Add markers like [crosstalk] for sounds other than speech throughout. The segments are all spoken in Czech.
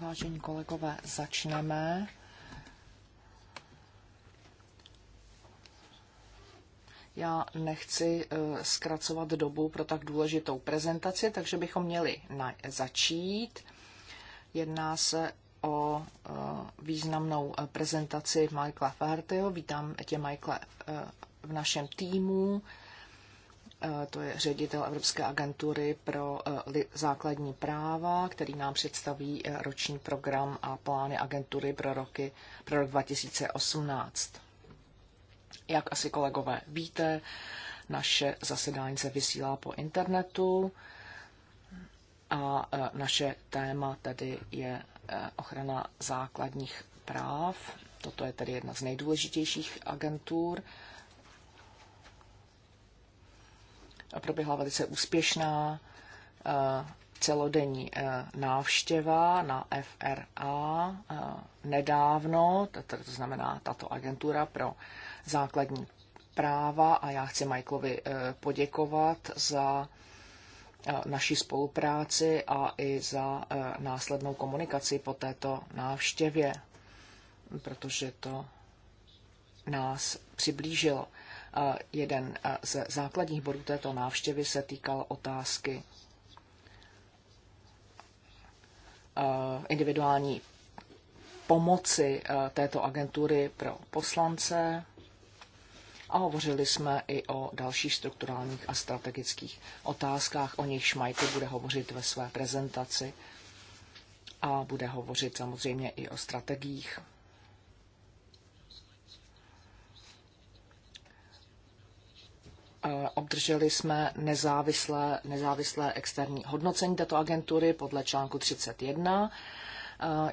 Vážení kolegové, začneme. Já nechci eh, zkracovat dobu pro tak důležitou prezentaci, takže bychom měli na, začít. Jedná se o eh, významnou eh, prezentaci Michaela Fahertyho. Vítám tě, Michael, v našem týmu. Eh, to je ředitel Evropské agentury pro eh, základní práva, který nám představí eh, roční program a plány agentury pro, roky, pro rok 2018. Jak asi kolegové víte, naše zasedání se vysílá po internetu a naše téma tedy je ochrana základních práv. Toto je tedy jedna z nejdůležitějších agentur proběhla velice úspěšná eh, celodenní eh, návštěva na FRA eh, nedávno, to znamená tato agentura pro základní práva a já chci Michaelovi poděkovat za naší spolupráci a i za následnou komunikaci po této návštěvě, protože to nás přiblížilo. Jeden ze základních bodů této návštěvy se týkal otázky individuální pomoci této agentury pro poslance a hovořili jsme i o dalších strukturálních a strategických otázkách, o nichž Majty bude hovořit ve své prezentaci a bude hovořit samozřejmě i o strategiích obdrželi jsme nezávislé, nezávislé externí hodnocení této agentury podle článku 31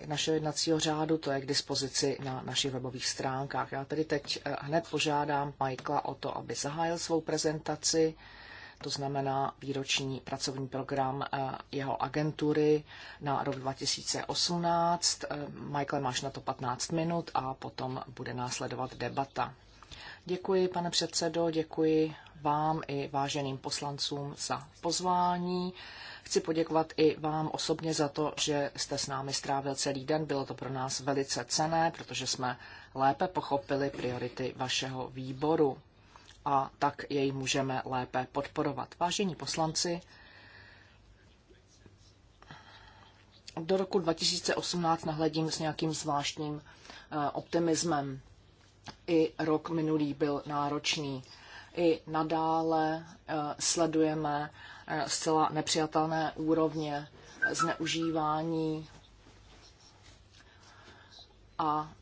eh, našeho jednacího řádu, to je k dispozici na našich webových stránkách. Já tedy teď eh, hned požádám Michaela o to, aby zahájil svou prezentaci, to znamená výroční pracovní program eh, jeho agentury na rok 2018. Michael, máš na to 15 minut a potom bude následovat debata. Děkuji, pane předsedo, děkuji vám i váženým poslancům za pozvání. Chci poděkovat i vám osobně za to, že jste s námi strávil celý den. Bylo to pro nás velice cené, protože jsme lépe pochopili priority vašeho výboru a tak jej můžeme lépe podporovat. Vážení poslanci, do roku 2018 nahledím s nějakým zvláštním eh, optimismem. I rok minulý byl náročný i nadále eh, sledujeme eh, zcela nepřijatelné úrovně eh, zneužívání a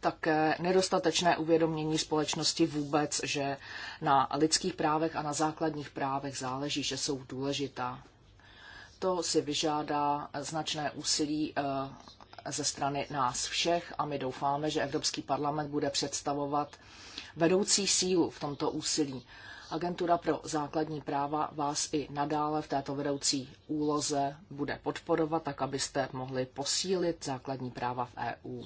také nedostatečné uvědomění společnosti vůbec, že na lidských právech a na základních právech záleží, že jsou důležitá. To si vyžádá značné úsilí ze strany nás všech a my doufáme, že Evropský parlament bude představovat vedoucí sílu v tomto úsilí. Agentura pro základní práva vás i nadále v této vedoucí úloze bude podporovat, tak abyste mohli posílit základní práva v EU.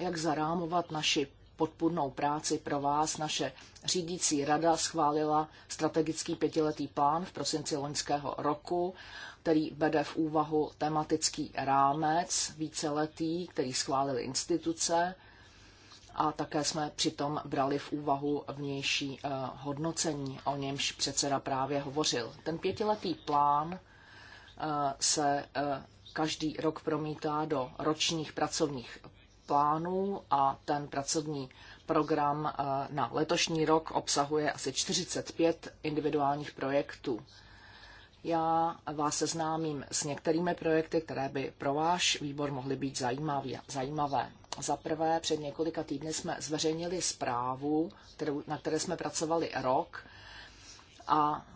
Jak zarámovat naši podpůrnou práci pro vás naše řídící rada schválila strategický pětiletý plán v prosinci loňského roku který bere v úvahu tematický rámec víceletý, který schválily instituce a také jsme přitom brali v úvahu vnější eh, hodnocení, o němž předseda právě hovořil. Ten pětiletý plán eh, se eh, každý rok promítá do ročních pracovních plánů a ten pracovní program na letošní rok obsahuje asi 45 individuálních projektů. Já vás seznámím s některými projekty, které by pro váš výbor mohly být zajímavé. Za prvé, před několika týdny jsme zveřejnili zprávu, kterou, na které jsme pracovali rok a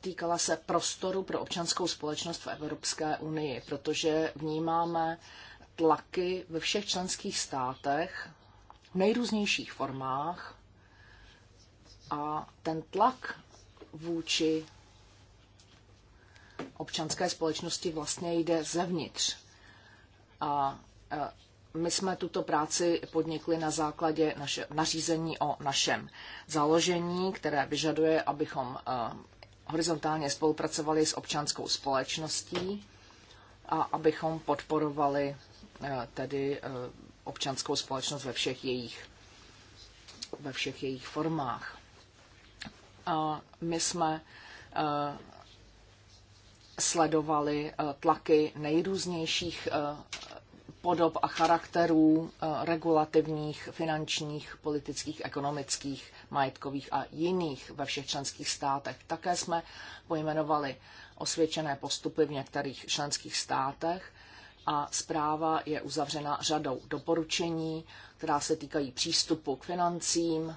týkala se prostoru pro občanskou společnost v Evropské unii, protože vnímáme tlaky ve všech členských státech v nejrůznějších formách a ten tlak vůči občanské společnosti vlastně jde zevnitř. A e, my jsme tuto práci podnikli na základě naše, nařízení o našem založení, které vyžaduje, abychom e, horizontálně spolupracovali s občanskou společností a abychom podporovali e, tedy občanskou společnost ve všech jejich, ve všech jejich formách. A my jsme sledovali eh, tlaky nejrůznějších eh, podob a charakterů eh, regulativních, finančních, politických, ekonomických, majetkových a jiných ve všech členských státech. Také jsme pojmenovali osvědčené postupy v některých členských státech a zpráva je uzavřena řadou doporučení, která se týkají přístupu k financím,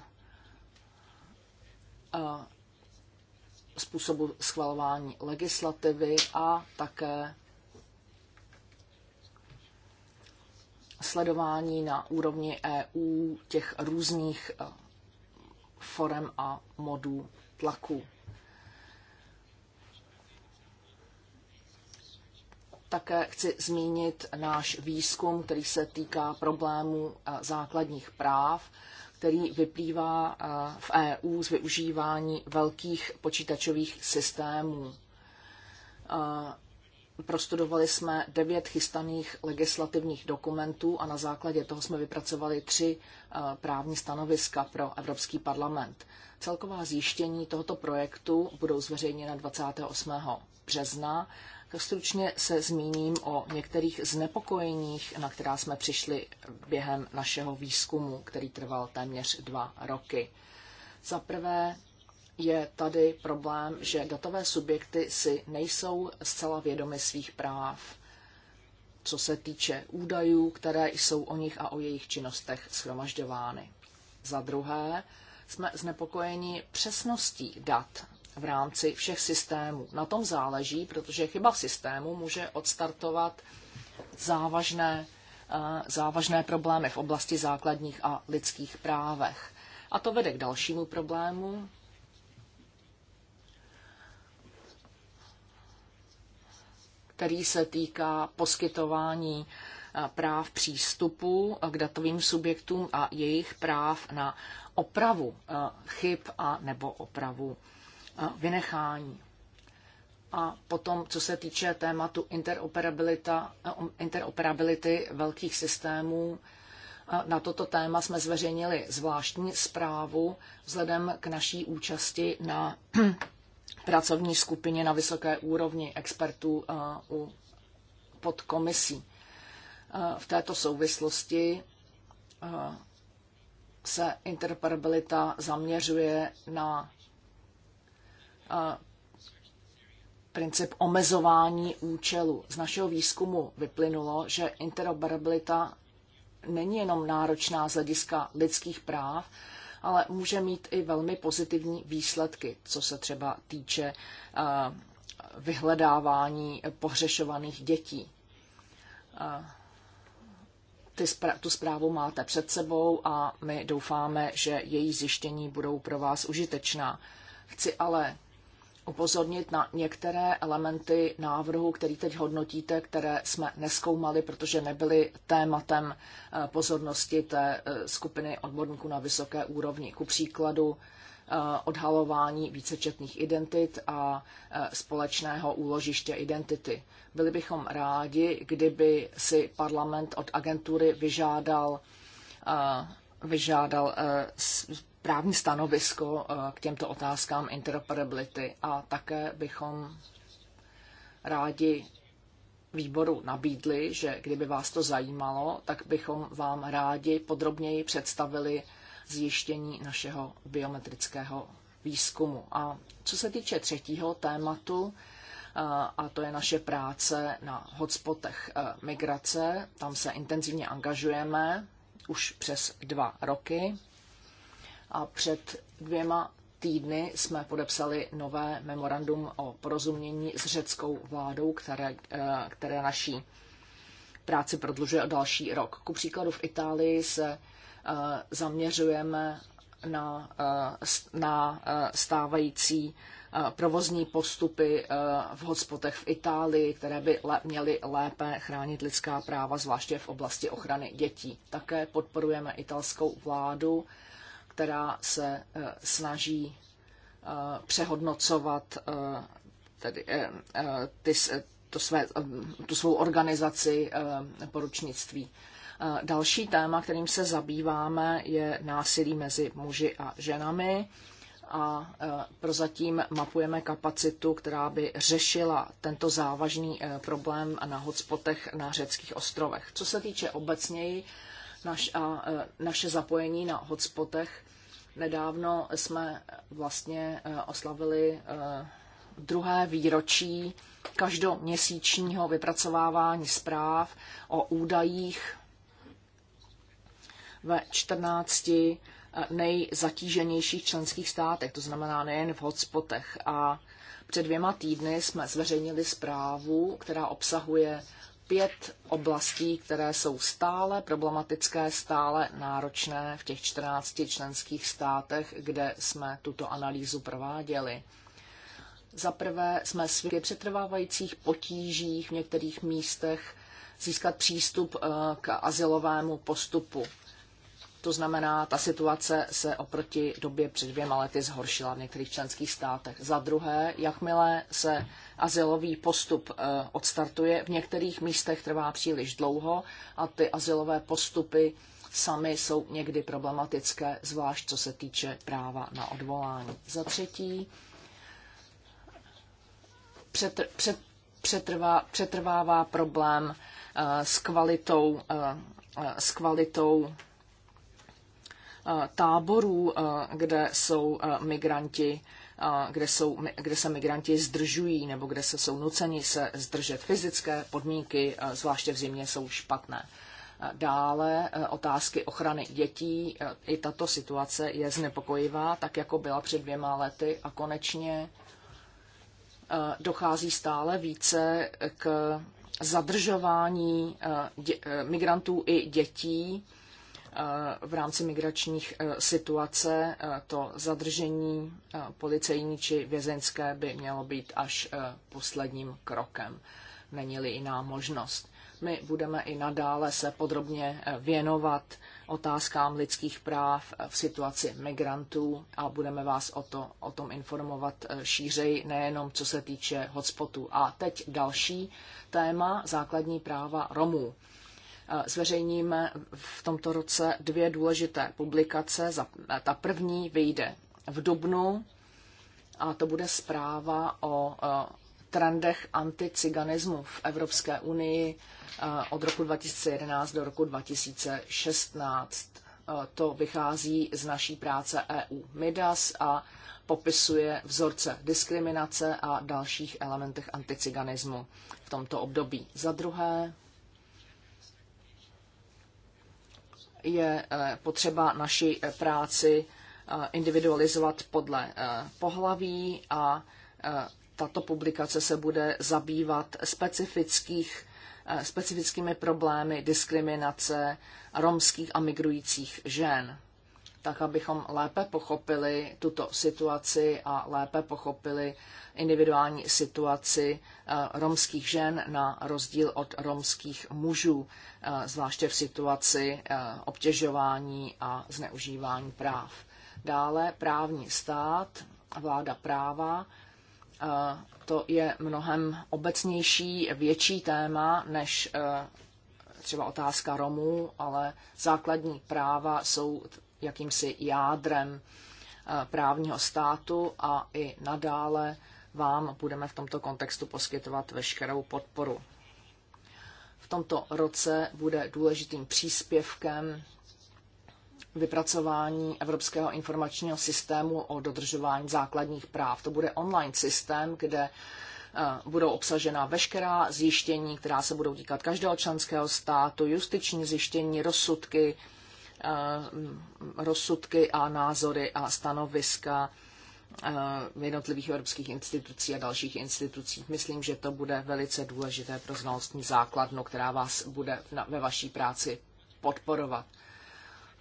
způsobu schvalování legislativy a také sledování na úrovni EU těch různých eh, forem a modů tlaku. Také chci zmínit náš výzkum, který se týká problémů eh, základních práv který vyplývá eh, v EU z využívání velkých počítačových systémů. Eh, prostudovali jsme devět chystaných legislativních dokumentů a na základě toho jsme vypracovali tři eh, právní stanoviska pro Evropský parlament. Celková zjištění tohoto projektu budou zveřejněna 28. března Stručně se zmíním o některých znepokojeních, na která jsme přišli během našeho výzkumu, který trval téměř dva roky. Za prvé je tady problém, že datové subjekty si nejsou zcela vědomy svých práv, co se týče údajů, které jsou o nich a o jejich činnostech schromažďovány. Za druhé jsme znepokojeni přesností dat v rámci všech systémů. Na tom záleží, protože chyba v systému může odstartovat závažné, eh, závažné problémy v oblasti základních a lidských právech. A to vede k dalšímu problému. který se týká poskytování eh, práv přístupu k datovým subjektům a jejich práv na opravu eh, chyb a nebo opravu vynechání. A potom, co se týče tématu interoperabilita, um, interoperability velkých systémů, na toto téma jsme zveřejnili zvláštní zprávu vzhledem k naší účasti na [clears throat] pracovní skupině na vysoké úrovni expertů u podkomisí. V této souvislosti se interoperabilita zaměřuje na princip omezování účelu. Z našeho výzkumu vyplynulo, že interoperabilita není jenom náročná z hlediska lidských práv, ale může mít i velmi pozitivní výsledky, co se třeba týče eh, vyhledávání pohřešovaných dětí. Eh, ty, tu zprávu máte před sebou a my doufáme, že její zjištění budou pro vás užitečná. Chci ale upozornit na některé elementy návrhu, který teď hodnotíte, které jsme neskoumali, protože nebyly tématem eh, pozornosti té eh, skupiny odborníků na vysoké úrovni. Ku příkladu eh, odhalování vícečetných identit a společného úložiště identity. Byli bychom rádi, kdyby si parlament od agentury vyžádal vyžádal právní stanovisko eh, k těmto otázkám interoperability a také bychom rádi výboru nabídli, že kdyby vás to zajímalo, tak bychom vám rádi podrobněji představili zjištění našeho biometrického výzkumu. A co se týče třetího tématu, eh, a to je naše práce na hotspotech eh, migrace, tam se intenzivně angažujeme už přes dva roky a před dvěma týdny jsme podepsali nové memorandum o porozumění s řeckou vládou, které, eh, které naší práci prodlužuje o další rok. Ku příkladu v Itálii se eh, zaměřujeme na, eh, na stávající provozní postupy v hotspotech v Itálii, které by měly lépe chránit lidská práva, zvláště v oblasti ochrany dětí. Také podporujeme italskou vládu která se eh, snaží eh, přehodnocovat eh, tedy, ty, to své, tu svou organizaci poručnictví. Další téma, kterým se zabýváme, je násilí mezi muži a ženami a prozatím mapujeme kapacitu, která by řešila tento závažný problém na hotspotech na řeckých ostrovech. Co se týče obecněji, naš, a e, naše zapojení na hotspotech. Nedávno jsme vlastně e, oslavili e, druhé výročí každoměsíčního vypracovávání zpráv o údajích ve 14 nejzatíženějších členských státech, to znamená nejen v hotspotech. A před dvěma týdny jsme zveřejnili zprávu, která obsahuje pět oblastí, které jsou stále problematické, stále náročné v těch 14 členských státech, kde jsme tuto analýzu prováděli. Za prvé jsme svědky přetrvávajících potížích v některých místech získat přístup eh, k asilovému postupu. To znamená, ta situace se oproti době před dvěma lety zhoršila v některých členských státech. Za druhé, jakmile se azylový postup eh, odstartuje, v některých místech trvá příliš dlouho a ty azylové postupy samy jsou někdy problematické, zvlášť co se týče práva na odvolání. Za třetí, přetr, přetrvá, přetrvává problém eh, s kvalitou, eh, s kvalitou Eh, táborů, eh, kde jsou eh, migranti, kde, jsou, kde se migranti zdržují nebo kde se jsou nuceni se zdržet. Fyzické podmínky, zvláště v zimě, jsou špatné. Dále otázky ochrany dětí. I tato situace je znepokojivá, tak jako byla před dvěma lety. A konečně dochází stále více k zadržování migrantů i dětí Eh, v rámci migračních eh, situace eh, to zadržení policejní či vězeňské by mělo být až posledním krokem, není-li jiná možnost. My budeme i nadále se podrobně věnovat otázkám lidských práv v situaci migrantů a budeme vás o, to, o tom informovat šířej, nejenom co se týče hotspotů. A teď další téma, základní práva Romů. Eh, zveřejníme v tomto roce dvě důležité publikace. Eh, ta první vyjde v dubnu a to bude zpráva o eh, trendech anticiganismu v Evropské unii od roku 2011 do roku 2016. To vychází z naší práce EU MIDAS a popisuje vzorce diskriminace a dalších elementech anticiganismu v tomto období. Za druhé, je eh, potřeba naši eh, práci eh, individualizovat podle pohlaví a tato publikace se bude zabývat specifických, specifickými problémy diskriminace romských a migrujících žen tak abychom lépe pochopili tuto situaci a lépe pochopili individuální situaci eh, romských žen na rozdíl od romských mužů, eh, zvláště v situaci eh, obtěžování a zneužívání práv. Dále právní stát, vláda práva, to je mnohem obecnější, větší téma než třeba otázka Romů, ale základní práva jsou jakýmsi jádrem eh, právního státu a i nadále vám budeme v tomto kontextu poskytovat veškerou podporu. V tomto roce bude důležitým příspěvkem vypracování Evropského informačního systému o dodržování základních práv. To bude online systém, kde eh, budou obsažena veškerá zjištění, která se budou týkat každého členského státu, justiční zjištění, rozsudky, Eh, rozsudky a názory a stanoviska eh, jednotlivých evropských institucí a dalších institucí. Myslím, že to bude velice důležité pro znalostní základnu, která vás bude ve vaší práci podporovat.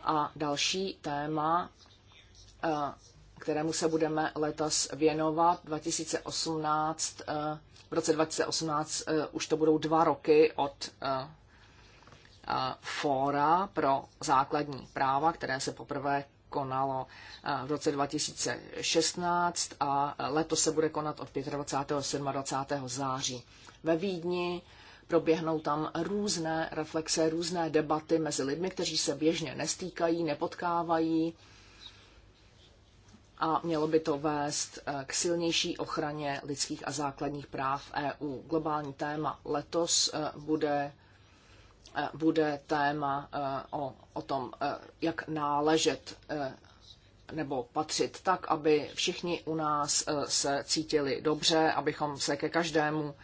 A další téma, eh, kterému se budeme letos věnovat, 2018, v roce 2018 už to budou dva roky od Eh, fóra pro základní práva, které se poprvé konalo eh, v roce 2016 a letos se bude konat od 25. a 27. září ve Vídni. Proběhnou tam různé reflexe, různé debaty mezi lidmi, kteří se běžně nestýkají, nepotkávají a mělo by to vést eh, k silnější ochraně lidských a základních práv EU. Globální téma letos bude Eh, bude téma eh, o, o tom, eh, jak náležet nebo patřit tak, aby všichni u nás se cítili dobře, abychom se ke každému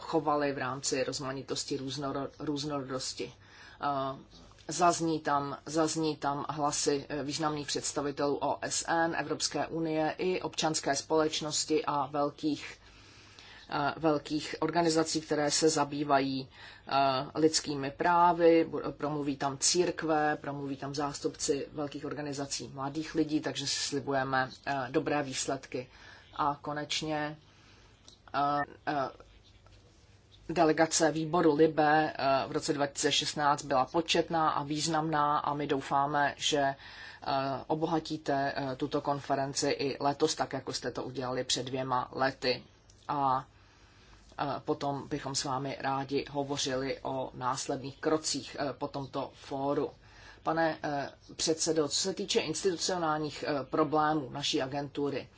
chovali v rámci rozmanitosti různorodosti. Zazní tam, zazní tam hlasy významných představitelů OSN, Evropské unie i občanské společnosti a velkých velkých organizací, které se zabývají lidskými právy, promluví tam církve, promluví tam zástupci velkých organizací mladých lidí, takže si slibujeme dobré výsledky. A konečně delegace výboru Libe v roce 2016 byla početná a významná a my doufáme, že obohatíte tuto konferenci i letos, tak jako jste to udělali před dvěma lety. A potom bychom s vámi rádi hovořili o následných krocích eh, po tomto fóru. Pane eh, předsedo, co se týče institucionálních eh, problémů naší agentury,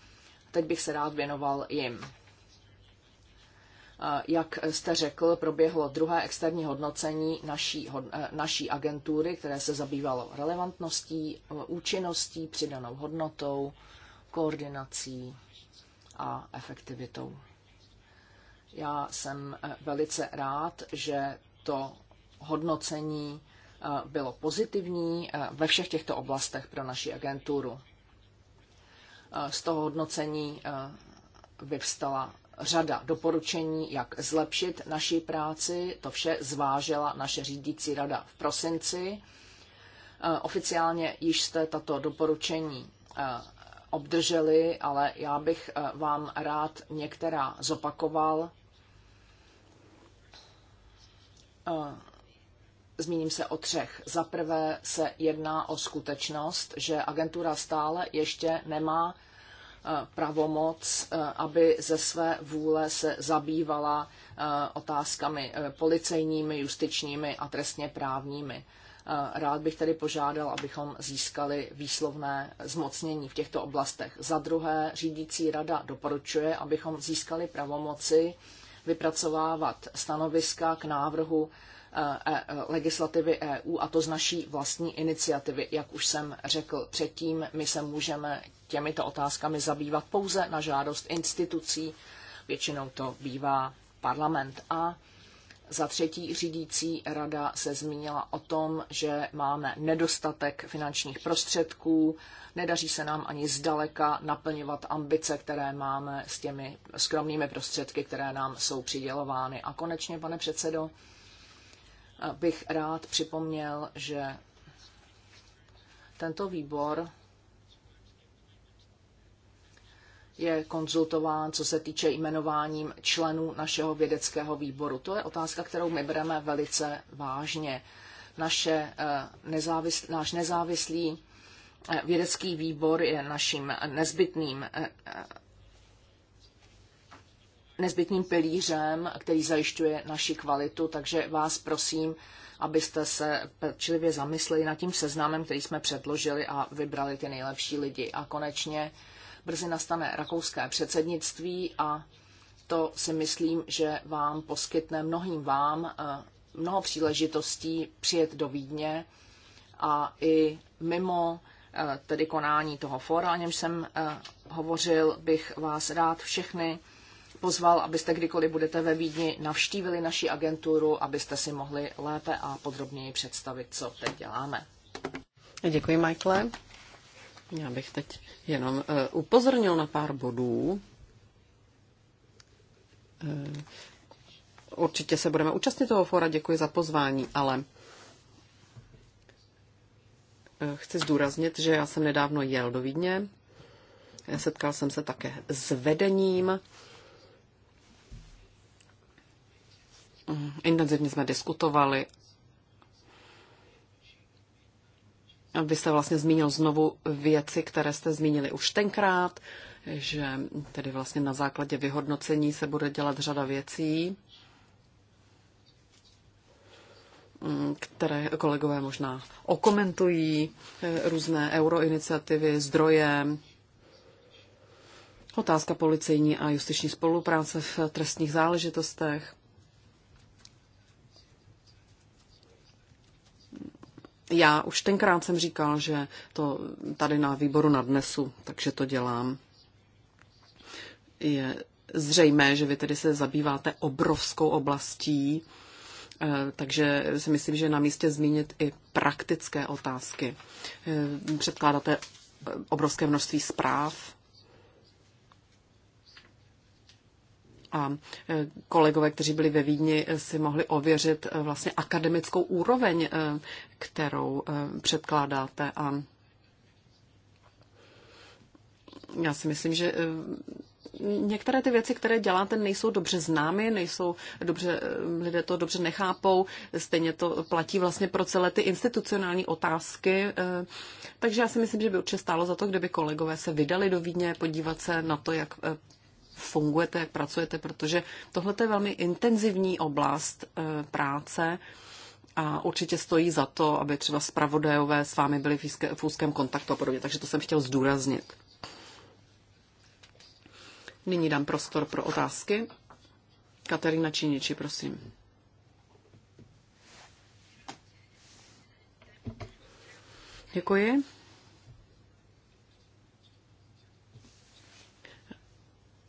teď bych se rád věnoval jim. Jak jste řekl, proběhlo druhé externí hodnocení naší, naší agentury, které se zabývalo relevantností, účinností, přidanou hodnotou, koordinací a efektivitou. Já jsem eh, velice rád, že to hodnocení eh, bylo pozitivní eh, ve všech těchto oblastech pro naši agenturu. Z toho hodnocení vyvstala řada doporučení, jak zlepšit naši práci. To vše zvážela naše řídící rada v prosinci. Oficiálně již jste tato doporučení obdrželi, ale já bych vám rád některá zopakoval, Zmíním se o třech. Za prvé se jedná o skutečnost, že agentura stále ještě nemá e, pravomoc, e, aby ze své vůle se zabývala e, otázkami policejními, justičními a trestně právními. Rád bych tedy požádal, abychom získali výslovné zmocnění v těchto oblastech. Za druhé, řídící rada doporučuje, abychom získali pravomoci vypracovávat stanoviska k návrhu eh, eh, legislativy EU a to z naší vlastní iniciativy. Jak už jsem řekl předtím, my se můžeme těmito otázkami zabývat pouze na žádost institucí, většinou to bývá parlament. A za třetí řídící rada se zmínila o tom, že máme nedostatek finančních prostředků, nedaří se nám ani zdaleka naplňovat ambice, které máme s těmi skromnými prostředky, které nám jsou přidělovány. A konečně, pane předsedo, bych rád připomněl, že tento výbor je konzultován, co se týče jmenováním členů našeho vědeckého výboru. To je otázka, kterou my bereme velice vážně. Naše eh, nezávisl, náš nezávislý eh, vědecký výbor je naším nezbytným eh, nezbytným pilířem, který zajišťuje naši kvalitu, takže vás prosím, abyste se pečlivě zamysleli nad tím seznamem, který jsme předložili a vybrali ty nejlepší lidi. A konečně brzy nastane rakouské předsednictví a to si myslím, že vám poskytne mnohým vám eh, mnoho příležitostí přijet do Vídně a i mimo eh, tedy konání toho fóra, o němž jsem eh, hovořil, bych vás rád všechny pozval, abyste kdykoliv budete ve Vídni navštívili naši agenturu, abyste si mohli lépe a podrobněji představit, co teď děláme. Děkuji, Michael. Já bych teď jenom eh, upozornil na pár bodů. Eh, určitě se budeme účastnit toho fora, děkuji za pozvání, ale eh, chci zdůraznit, že já jsem nedávno jel do Vídně. Setkal jsem se také s vedením. Intenzivně jsme diskutovali Vy jste vlastně zmínil znovu věci, které jste zmínili už tenkrát, že tedy vlastně na základě vyhodnocení se bude dělat řada věcí, mm, které kolegové možná okomentují, eh, různé euroiniciativy, zdroje, otázka policejní a justiční spolupráce v trestních záležitostech. Já už tenkrát jsem říkal, že to tady na výboru nadnesu, takže to dělám. Je zřejmé, že vy tedy se zabýváte obrovskou oblastí, eh, takže si myslím, že je na místě zmínit i praktické otázky. Eh, předkládáte obrovské množství zpráv, a e, kolegové, kteří byli ve Vídni, e, si mohli ověřit e, vlastně akademickou úroveň, kterou předkládáte. A já si myslím, že některé ty věci, které děláte, nejsou dobře známy, nejsou dobře, lidé to dobře nechápou, stejně to platí vlastně pro celé ty institucionální otázky, takže já si myslím, že by určitě stálo za to, kdyby kolegové se vydali do Vídně podívat se na to, jak fungujete, jak pracujete, protože tohle je velmi intenzivní oblast eh, práce a určitě stojí za to, aby třeba zpravodajové s vámi byli v úzkém kontaktu a podobně. Takže to jsem chtěl zdůraznit. Nyní dám prostor pro otázky. Katerina Číniči, prosím. Děkuji.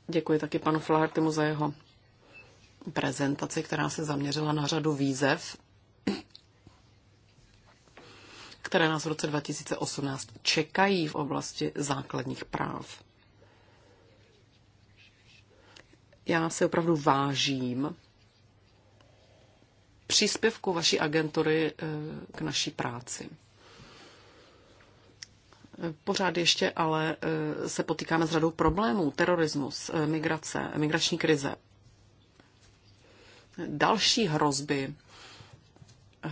Děkuji taky panu Flahertymu za jeho prezentaci, která se zaměřila na řadu výzev, které nás v roce 2018 čekají v oblasti základních práv. Já si opravdu vážím příspěvku vaší agentury eh, k naší práci. Pořád ještě ale eh, se potýkáme s řadou problémů. Terorismus, eh, migrace, migrační krize, další hrozby eh,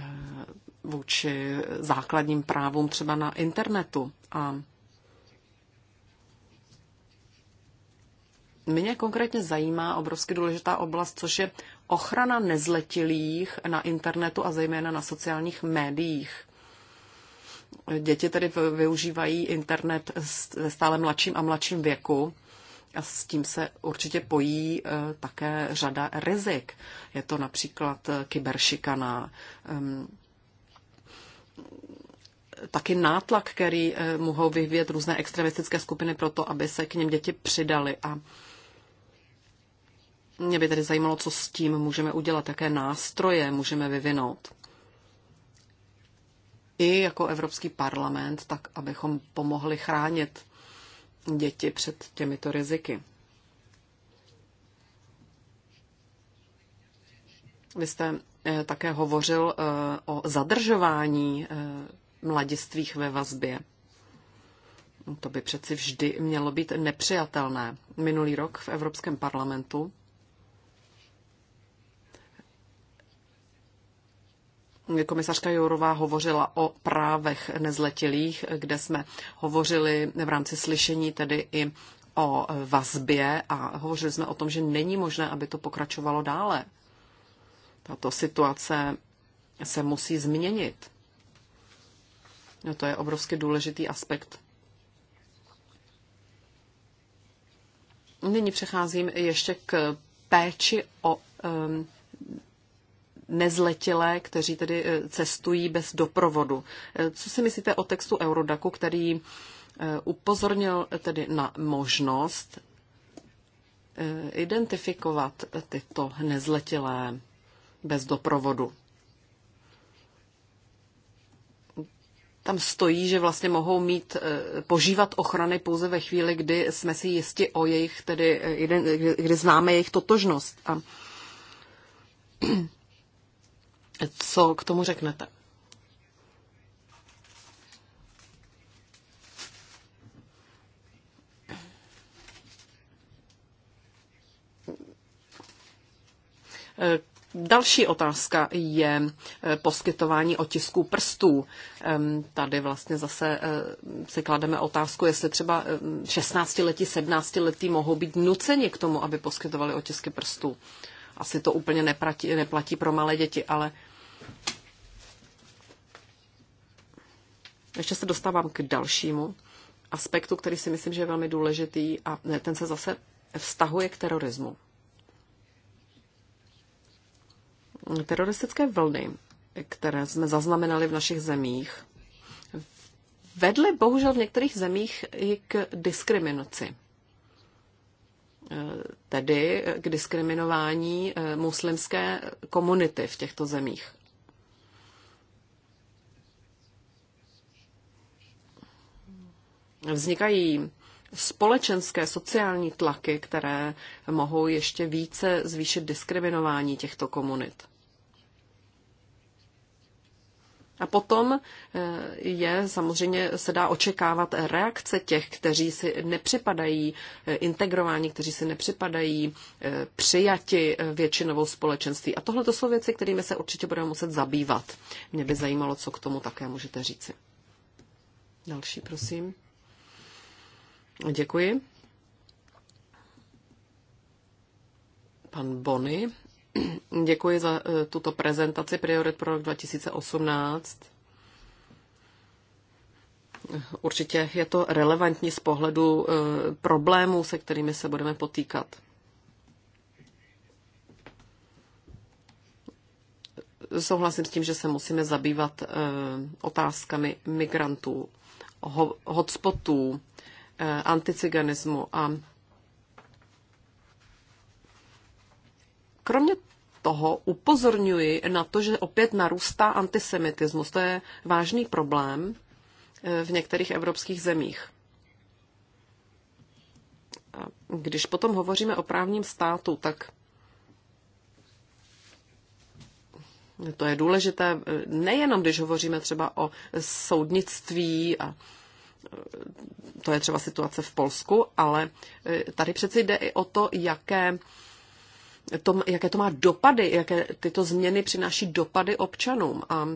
vůči základním právům třeba na internetu. A mě konkrétně zajímá obrovsky důležitá oblast, což je ochrana nezletilých na internetu a zejména na sociálních médiích. Děti tedy využívají internet ve stále mladším a mladším věku a s tím se určitě pojí e, také řada rizik. Je to například e, kyberšikana, taky nátlak, který e, mohou vyvíjet různé extremistické skupiny pro to, aby se k něm děti přidali. A mě by tedy zajímalo, co s tím můžeme udělat, jaké nástroje můžeme vyvinout i jako Evropský parlament, tak abychom pomohli chránit děti před těmito riziky. Vy jste eh, také hovořil eh, o zadržování eh, mladistvých ve vazbě. To by přeci vždy mělo být nepřijatelné. Minulý rok v Evropském parlamentu Komisařka Jourová hovořila o právech nezletilých, kde jsme hovořili v rámci slyšení tedy i o vazbě a hovořili jsme o tom, že není možné, aby to pokračovalo dále. Tato situace se musí změnit. No, to je obrovsky důležitý aspekt. Nyní přecházím ještě k péči o um, nezletilé, kteří tedy eh, cestují bez doprovodu. Eh, co si myslíte o textu Eurodaku, který eh, upozornil tedy na možnost identifikovat tyto nezletilé bez doprovodu? tam stojí, že vlastně mohou mít, požívat ochrany pouze ve chvíli, kdy jsme si jisti o jejich, tedy, kdy známe jejich totožnost. A co k tomu řeknete? Eh, další otázka je eh, poskytování otisků prstů. Tady vlastně zase eh, si klademe otázku, jestli třeba 16-letí, 17-letí mohou být nuceni k tomu, aby poskytovali otisky prstů. Asi to úplně neplatí, neplatí pro malé děti, ale ještě se dostávám k dalšímu aspektu, který si myslím, že je velmi důležitý a ten se zase vztahuje k terorismu. Teroristické vlny, které jsme zaznamenali v našich zemích, vedly bohužel v některých zemích i k diskriminaci. Eh, tedy k diskriminování eh, muslimské komunity v těchto zemích. vznikají společenské sociální tlaky, které mohou ještě více zvýšit diskriminování těchto komunit. A potom eh, je samozřejmě se dá očekávat reakce těch, kteří si nepřipadají eh, integrování, kteří si nepřipadají eh, přijati většinovou společenství. A tohle to jsou věci, kterými se určitě budeme muset zabývat. Mě by zajímalo, co k tomu také můžete říci. Další, prosím. Děkuji. Pan Bony. Děkuji za eh, tuto prezentaci priorit pro rok 2018. Určitě je to relevantní z pohledu eh, problémů, se kterými se budeme potýkat. Souhlasím s tím, že se musíme zabývat eh, otázkami migrantů, hotspotů, Eh, anticiganismu. A kromě toho upozorňuji na to, že opět narůstá antisemitismus. To je vážný problém eh, v některých evropských zemích. A když potom hovoříme o právním státu, tak to je důležité eh, nejenom, když hovoříme třeba o soudnictví a to je třeba situace v Polsku, ale eh, tady přeci jde i o to, jaké to, jaké to má dopady, jaké tyto změny přináší dopady občanům a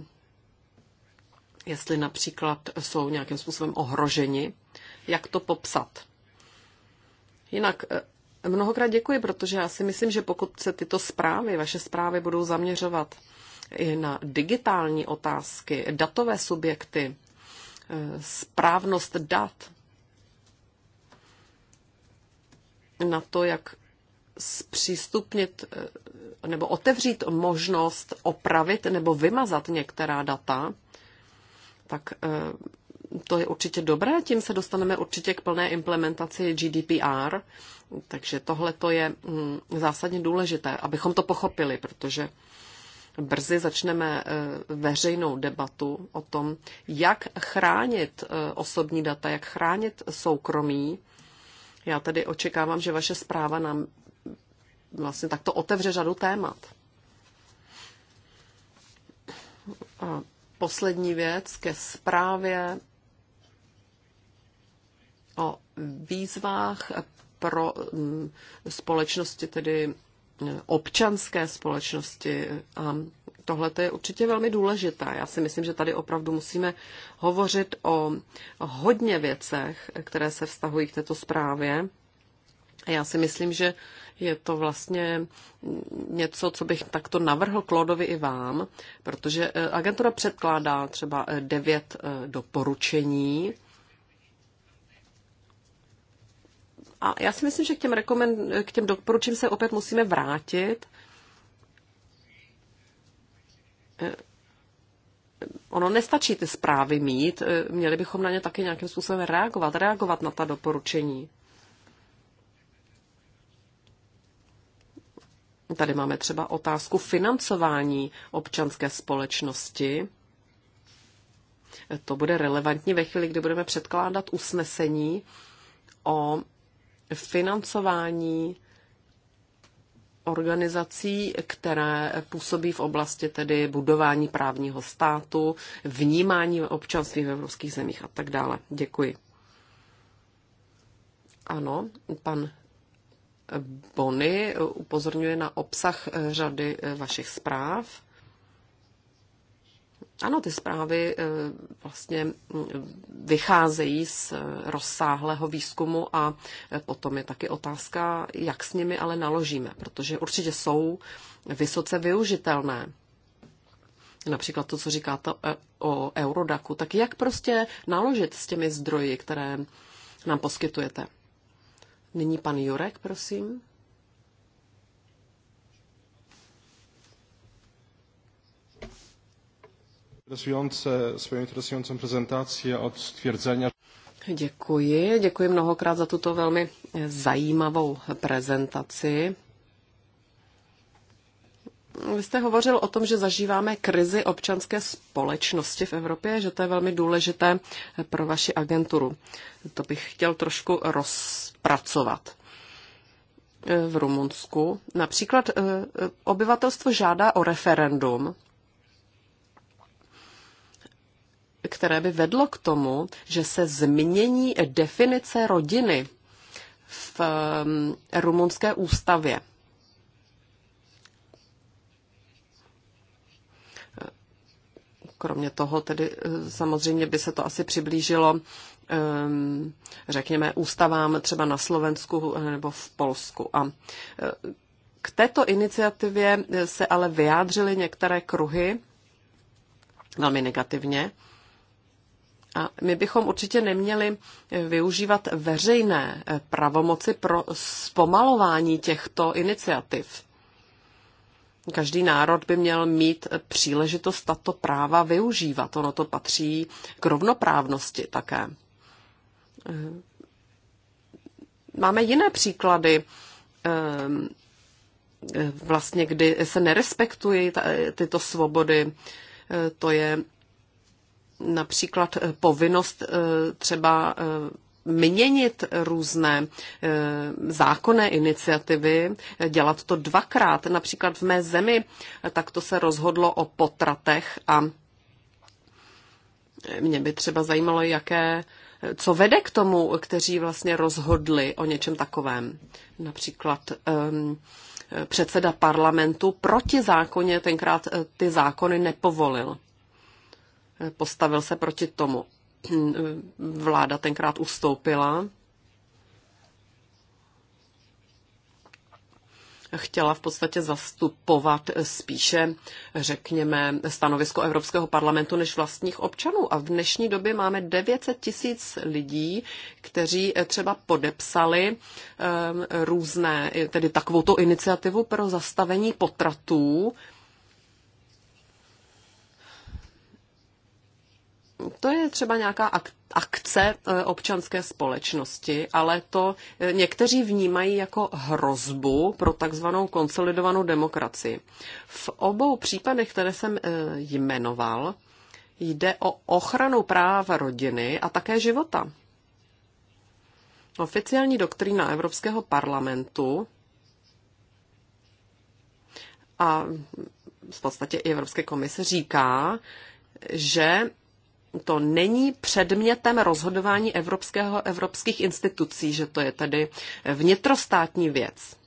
jestli například jsou nějakým způsobem ohroženi, jak to popsat. Jinak eh, mnohokrát děkuji, protože já si myslím, že pokud se tyto zprávy, vaše zprávy budou zaměřovat i na digitální otázky, datové subjekty, správnost dat, na to, jak zpřístupnit eh, nebo otevřít možnost opravit nebo vymazat některá data, tak eh, to je určitě dobré, tím se dostaneme určitě k plné implementaci GDPR, takže tohle to je mm, zásadně důležité, abychom to pochopili, protože brzy začneme eh, veřejnou debatu o tom, jak chránit eh, osobní data, jak chránit soukromí. Já tedy očekávám, že vaše zpráva nám vlastně takto otevře řadu témat. A poslední věc ke zprávě o výzvách pro mm, společnosti, tedy občanské společnosti. A tohle je určitě velmi důležité. Já si myslím, že tady opravdu musíme hovořit o hodně věcech, které se vztahují k této zprávě. A já si myslím, že je to vlastně něco, co bych takto navrhl Klodovi i vám, protože eh, agentura předkládá třeba eh, devět eh, doporučení A já si myslím, že k těm, rekomend- k těm doporučím se opět musíme vrátit. Eh, ono nestačí ty zprávy mít, eh, měli bychom na ně taky nějakým způsobem reagovat, reagovat na ta doporučení. Tady máme třeba otázku financování občanské společnosti. Eh, to bude relevantní ve chvíli, kdy budeme předkládat usnesení o financování organizací, které působí v oblasti tedy budování právního státu, vnímání občanství v evropských zemích a tak dále. Děkuji. Ano, pan Bony upozorňuje na obsah řady vašich zpráv. Ano, ty zprávy eh, vlastně mm, vycházejí z eh, rozsáhlého výzkumu a eh, potom je taky otázka, jak s nimi ale naložíme, protože určitě jsou vysoce využitelné. Například to, co říkáte o Eurodaku, tak jak prostě naložit s těmi zdroji, které nám poskytujete? Nyní pan Jurek, prosím. Interesujące, swoją interesującą prezentację od stwierdzenia. Děkuji, děkuji mnohokrát za tuto velmi zajímavou prezentaci. Vy jste hovořil o tom, že zažíváme krizi občanské společnosti v Evropě, že to je velmi důležité pro vaši agenturu. To bych chtěl trošku rozpracovat. V Rumunsku například eh, obyvatelstvo žádá o referendum které by vedlo k tomu, že se změní definice rodiny v um, rumunské ústavě. Kromě toho tedy eh, samozřejmě by se to asi přiblížilo, ehm, řekněme, ústavám třeba na Slovensku eh, nebo v Polsku. A eh, k této iniciativě se ale vyjádřily některé kruhy velmi negativně. A my bychom určitě neměli eh, využívat veřejné eh, pravomoci pro zpomalování těchto iniciativ. Každý národ by měl mít eh, příležitost tato práva využívat. Ono to patří k rovnoprávnosti také. Máme jiné příklady ehm, vlastně, kdy se nerespektují tyto svobody. To je například eh, povinnost eh, třeba eh, měnit různé zákonné iniciativy, dělat to dvakrát. Například v mé zemi to se rozhodlo o potratech a mě by třeba zajímalo, jaké, co vede k tomu, kteří vlastně rozhodli o něčem takovém. Například um, předseda parlamentu proti zákoně tenkrát ty zákony nepovolil postavil se proti tomu. Vláda tenkrát ustoupila. Chtěla v podstatě zastupovat spíše, řekněme, stanovisko Evropského parlamentu než vlastních občanů. A v dnešní době máme 900 tisíc lidí, kteří třeba podepsali um, různé, tedy takovouto iniciativu pro zastavení potratů To je třeba nějaká akce e, občanské společnosti, ale to e, někteří vnímají jako hrozbu pro takzvanou konsolidovanou demokracii. V obou případech, které jsem e, jmenoval, jde o ochranu práv rodiny a také života. Oficiální doktrína Evropského parlamentu a v podstatě i Evropské komise říká, že to není předmětem rozhodování evropského, evropských institucí, že to je tedy vnitrostátní věc.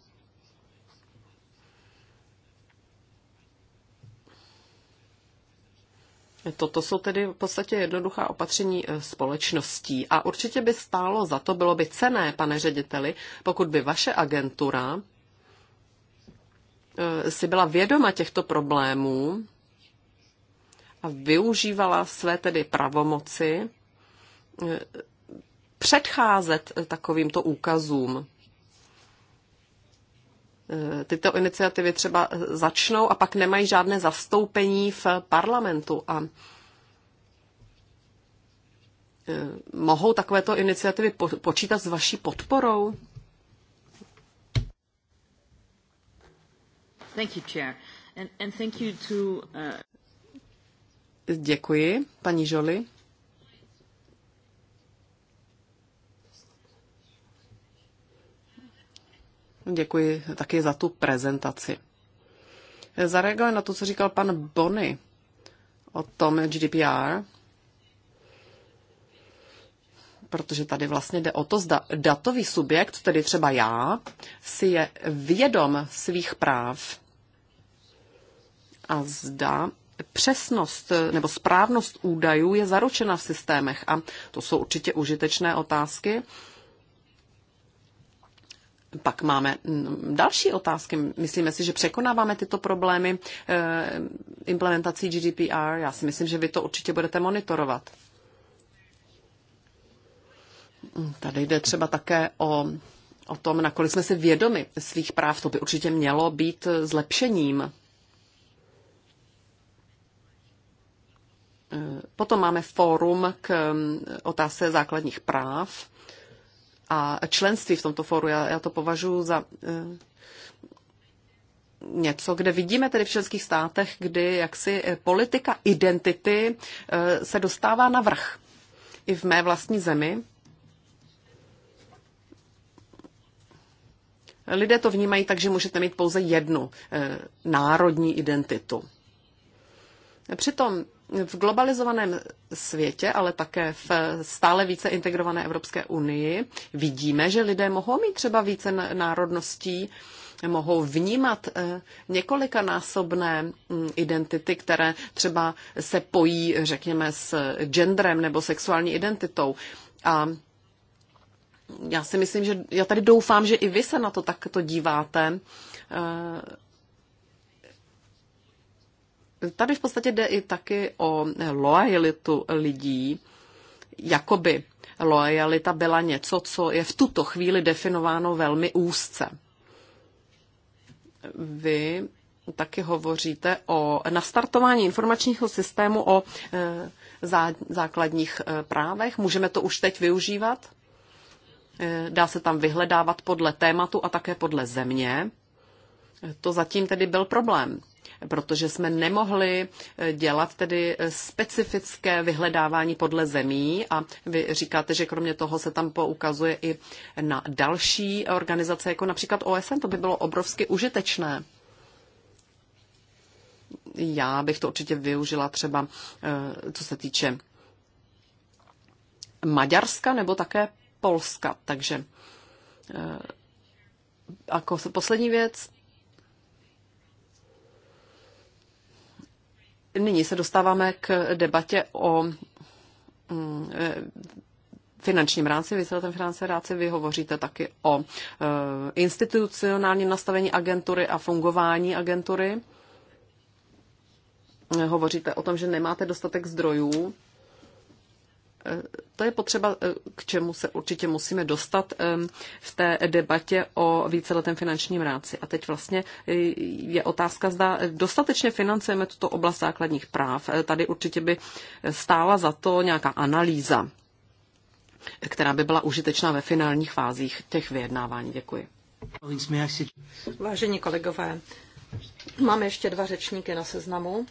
Toto jsou tedy v podstatě jednoduchá opatření e, společností a určitě by stálo za to, bylo by cené, pane řediteli, pokud by vaše agentura e, si byla vědoma těchto problémů a využívala své tedy pravomoci eh, předcházet eh, takovýmto úkazům. Eh, tyto iniciativy třeba začnou a pak nemají žádné zastoupení v parlamentu a mohou takovéto iniciativy počítat s vaší podporou? Thank you, Chair. And, and thank you to, uh... Děkuji, paní Žoli. Děkuji taky za tu prezentaci. Zareaguji na to, co říkal pan Bony o tom GDPR, protože tady vlastně jde o to, zda datový subjekt, tedy třeba já, si je vědom svých práv a zda přesnost eh, nebo správnost údajů je zaručena v systémech a to jsou určitě užitečné otázky. Pak máme mm, další otázky. Myslíme si, že překonáváme tyto problémy eh, implementací GDPR. Já si myslím, že vy to určitě budete monitorovat. Tady jde třeba také o, o tom, nakolik jsme si vědomi svých práv. To by určitě mělo být eh, zlepšením. Potom máme fórum k um, otázce základních práv a členství v tomto fóru. Já, já to považuji za uh, něco, kde vidíme tedy v členských státech, kdy jaksi eh, politika identity eh, se dostává na vrch. I v mé vlastní zemi. Lidé to vnímají tak, že můžete mít pouze jednu eh, národní identitu. Přitom v globalizovaném světě, ale také v stále více integrované Evropské unii vidíme, že lidé mohou mít třeba více národností, mohou vnímat eh, několikanásobné mm, identity, které třeba se pojí, řekněme, s genderem nebo sexuální identitou. A já si myslím, že já tady doufám, že i vy se na to takto díváte eh, tady v podstatě jde i taky o loajalitu lidí, jakoby loajalita byla něco, co je v tuto chvíli definováno velmi úzce. Vy taky hovoříte o nastartování informačního systému o e, základních e, právech. Můžeme to už teď využívat? E, dá se tam vyhledávat podle tématu a také podle země. To zatím tedy byl problém protože jsme nemohli eh, dělat tedy eh, specifické vyhledávání podle zemí a vy říkáte, že kromě toho se tam poukazuje i na další organizace, jako například OSN, to by bylo obrovsky užitečné já bych to určitě využila třeba, eh, co se týče Maďarska nebo také Polska. Takže jako poslední věc, Nyní se dostáváme k debatě o mm, e, finančním rámci, vy celé ten finanční rámci, vy hovoříte taky o e, institucionálním nastavení agentury a fungování agentury. E, hovoříte o tom, že nemáte dostatek zdrojů Eh, to je potřeba, eh, k čemu se určitě musíme dostat v té debatě o víceletém finančním rámci. A teď vlastně eh, je otázka, zda dostatečně financujeme tuto oblast základních práv. Tady určitě by stála za to nějaká analýza, která by byla užitečná ve finálních fázích těch vyjednávání. Děkuji. Vážení kolegové, máme ještě dva řečníky na seznamu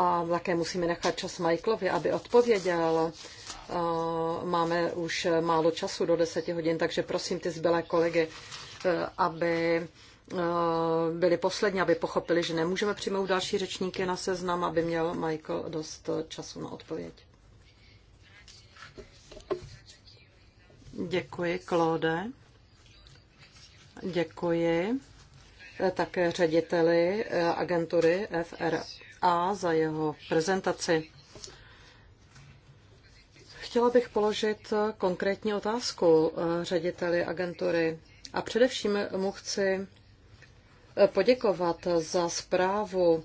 a také musíme nechat čas Michaelovi, aby odpověděl. Máme už málo času do 10 hodin, takže prosím ty zbylé kolegy, e, aby e, byli poslední, aby pochopili, že nemůžeme přijmout další řečníky na seznam, aby měl Michael dost času na odpověď. Děkuji, Claude. Děkuji e, také řediteli agentury FRA a za jeho prezentaci. Chtěla bych položit konkrétní otázku eh, řediteli agentury a především mu chci eh, poděkovat za zprávu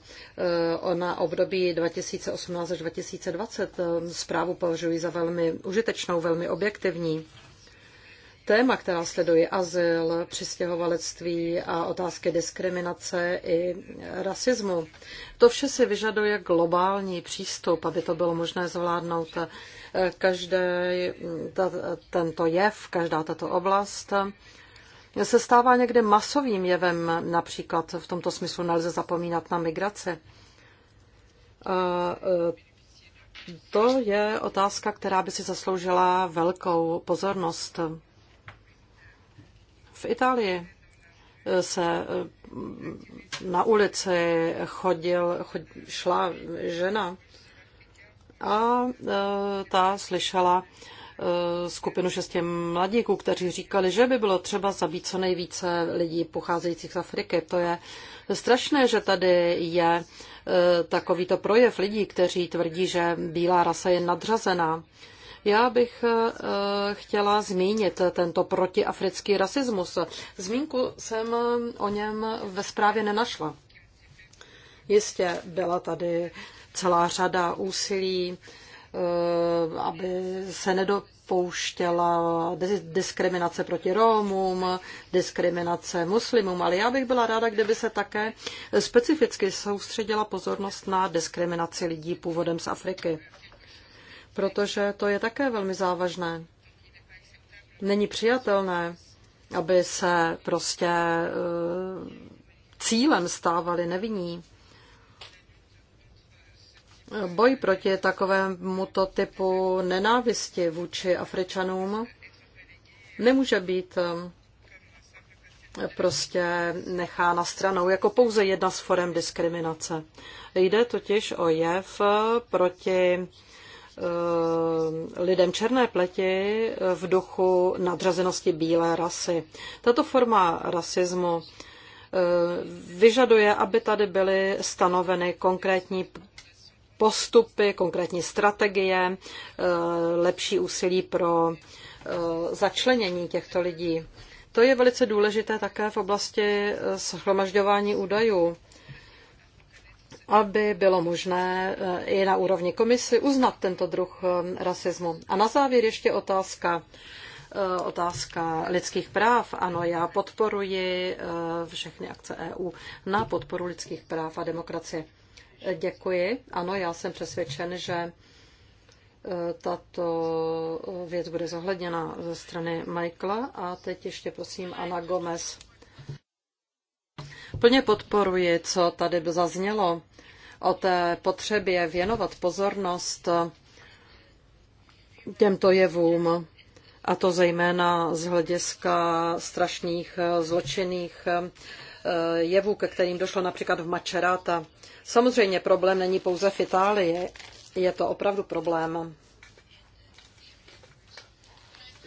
eh, na období 2018 až 2020. Zprávu považuji za velmi užitečnou, velmi objektivní téma, která sledují azyl, přistěhovalectví a otázky diskriminace i rasismu. To vše si vyžaduje globální přístup, aby to bylo možné zvládnout. Každý tento jev, každá tato oblast se stává někdy masovým jevem, například v tomto smyslu nelze zapomínat na migraci. A e, to je otázka, která by si zasloužila velkou pozornost. Itálii se eh, na ulici chodil, chod, šla žena a eh, ta slyšela eh, skupinu šesti mladíků, kteří říkali, že by bylo třeba zabít co nejvíce lidí pocházejících z Afriky. To je strašné, že tady je takovýto projev lidí, kteří tvrdí, že bílá rasa je nadřazená. Já bych eh, chtěla zmínit tento protiafrický rasismus. Zmínku jsem eh, o něm ve zprávě nenašla. Jistě byla tady celá řada úsilí, eh, aby se nedopouštěla diskriminace proti Rómům, diskriminace muslimům, ale já bych byla ráda, kdyby se také specificky soustředila pozornost na diskriminaci lidí původem z Afriky protože to je také velmi závažné. Není přijatelné, aby se prostě eh, cílem stávali nevinní. Boj proti takovému to typu nenávisti vůči Afričanům nemůže být eh, prostě nechá na stranou jako pouze jedna z forem diskriminace. Jde totiž o jev eh, proti Eh, lidem černé pleti v duchu nadřazenosti bílé rasy. Tato forma rasismu eh, vyžaduje, aby tady byly stanoveny konkrétní postupy, konkrétní strategie, eh, lepší úsilí pro začlenění těchto lidí. To je velice důležité také v oblasti schromažďování údajů aby bylo možné eh, i na úrovni komisy uznat tento druh eh, rasismu. A na závěr ještě otázka eh, otázka lidských práv. Ano, já podporuji všechny akce EU na podporu lidských práv a demokracie. Děkuji. Ano, já jsem přesvědčen, že tato věc bude zohledněna ze strany Michaela. A teď ještě prosím Ana Gomez. Plně podporuji, co tady zaznělo o té potřebě věnovat pozornost těmto jevům, a to zejména z hlediska strašných zločinných eh, jevů, ke kterým došlo například v Macerata. Samozřejmě problém není pouze v Itálii, je to opravdu problém,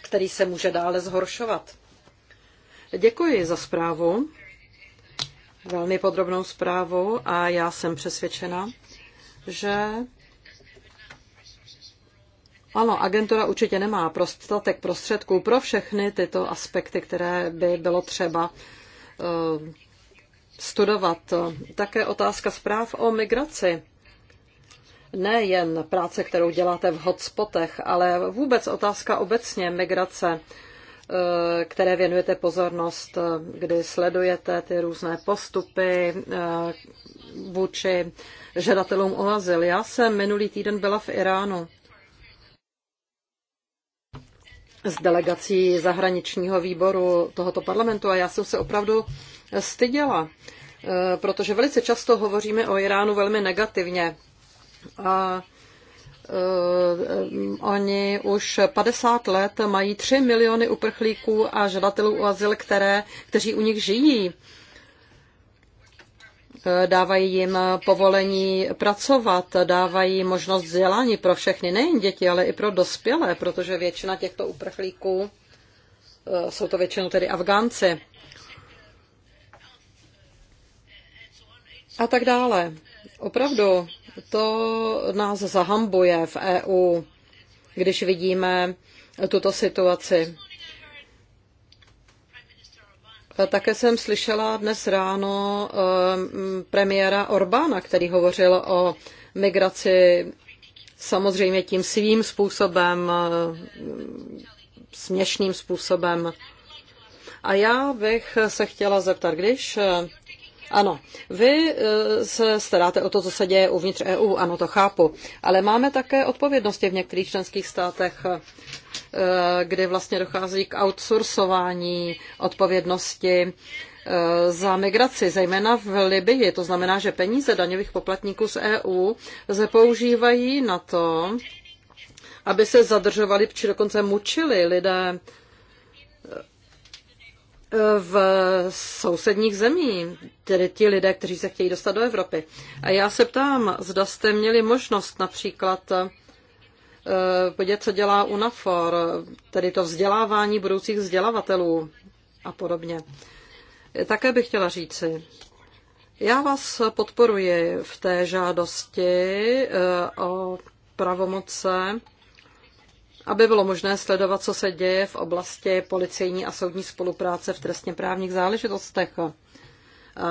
který se může dále zhoršovat. Děkuji za zprávu velmi podrobnou zprávu a já jsem přesvědčena, že ano, agentura určitě nemá prostatek prostředků pro všechny tyto aspekty, které by bylo třeba eh, studovat. Také otázka zpráv o migraci. Nejen práce, kterou děláte v hotspotech, ale vůbec otázka obecně migrace Eh, které věnujete pozornost, eh, kdy sledujete ty různé postupy eh, vůči žadatelům o azyl. Já jsem minulý týden byla v Iránu s delegací zahraničního výboru tohoto parlamentu a já jsem se opravdu styděla, protože velice často hovoříme o Iránu velmi negativně. A Eh, eh, oni už 50 let mají 3 miliony uprchlíků a žadatelů o azyl, které, kteří u nich žijí. Eh, dávají jim povolení pracovat, dávají možnost vzdělání pro všechny, nejen děti, ale i pro dospělé, protože většina těchto uprchlíků jsou to většinou tedy Afgánci. A tak dále. Opravdu to nás zahambuje v EU, když vidíme tuto situaci. Také jsem slyšela dnes ráno eh, premiéra Orbána, který hovořil o migraci samozřejmě tím svým způsobem, eh, směšným způsobem. A já bych se chtěla zeptat, když eh, ano, vy eh, se staráte o to, co se děje uvnitř EU, ano, to chápu. Ale máme také odpovědnosti v některých členských státech, eh, kdy vlastně dochází k outsourcování odpovědnosti eh, za migraci, zejména v Libii. To znamená, že peníze daňových poplatníků z EU se používají na to, aby se zadržovali či dokonce mučili lidé v sousedních zemí, tedy ti lidé, kteří se chtějí dostat do Evropy. A já se ptám, zda jste měli možnost například eh, podívat, co dělá UNAFOR, tedy to vzdělávání budoucích vzdělavatelů a podobně. Také bych chtěla říci, já vás podporuji v té žádosti eh, o pravomoce aby bylo možné sledovat, co se děje v oblasti policejní a soudní spolupráce v trestně právních záležitostech.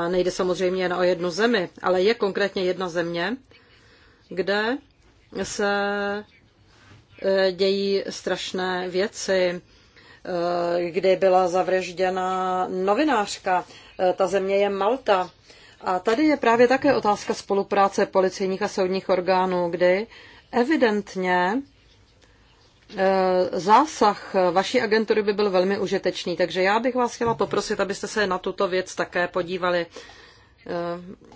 nejde samozřejmě jen o jednu zemi, ale je konkrétně jedna země, kde se e, dějí strašné věci, e, kdy byla zavražděna novinářka. E, ta země je Malta. A tady je právě také otázka spolupráce policejních a soudních orgánů, kdy evidentně Eh, zásah vaší agentury by byl velmi užitečný, takže já bych vás chtěla poprosit, abyste se na tuto věc také podívali. Eh,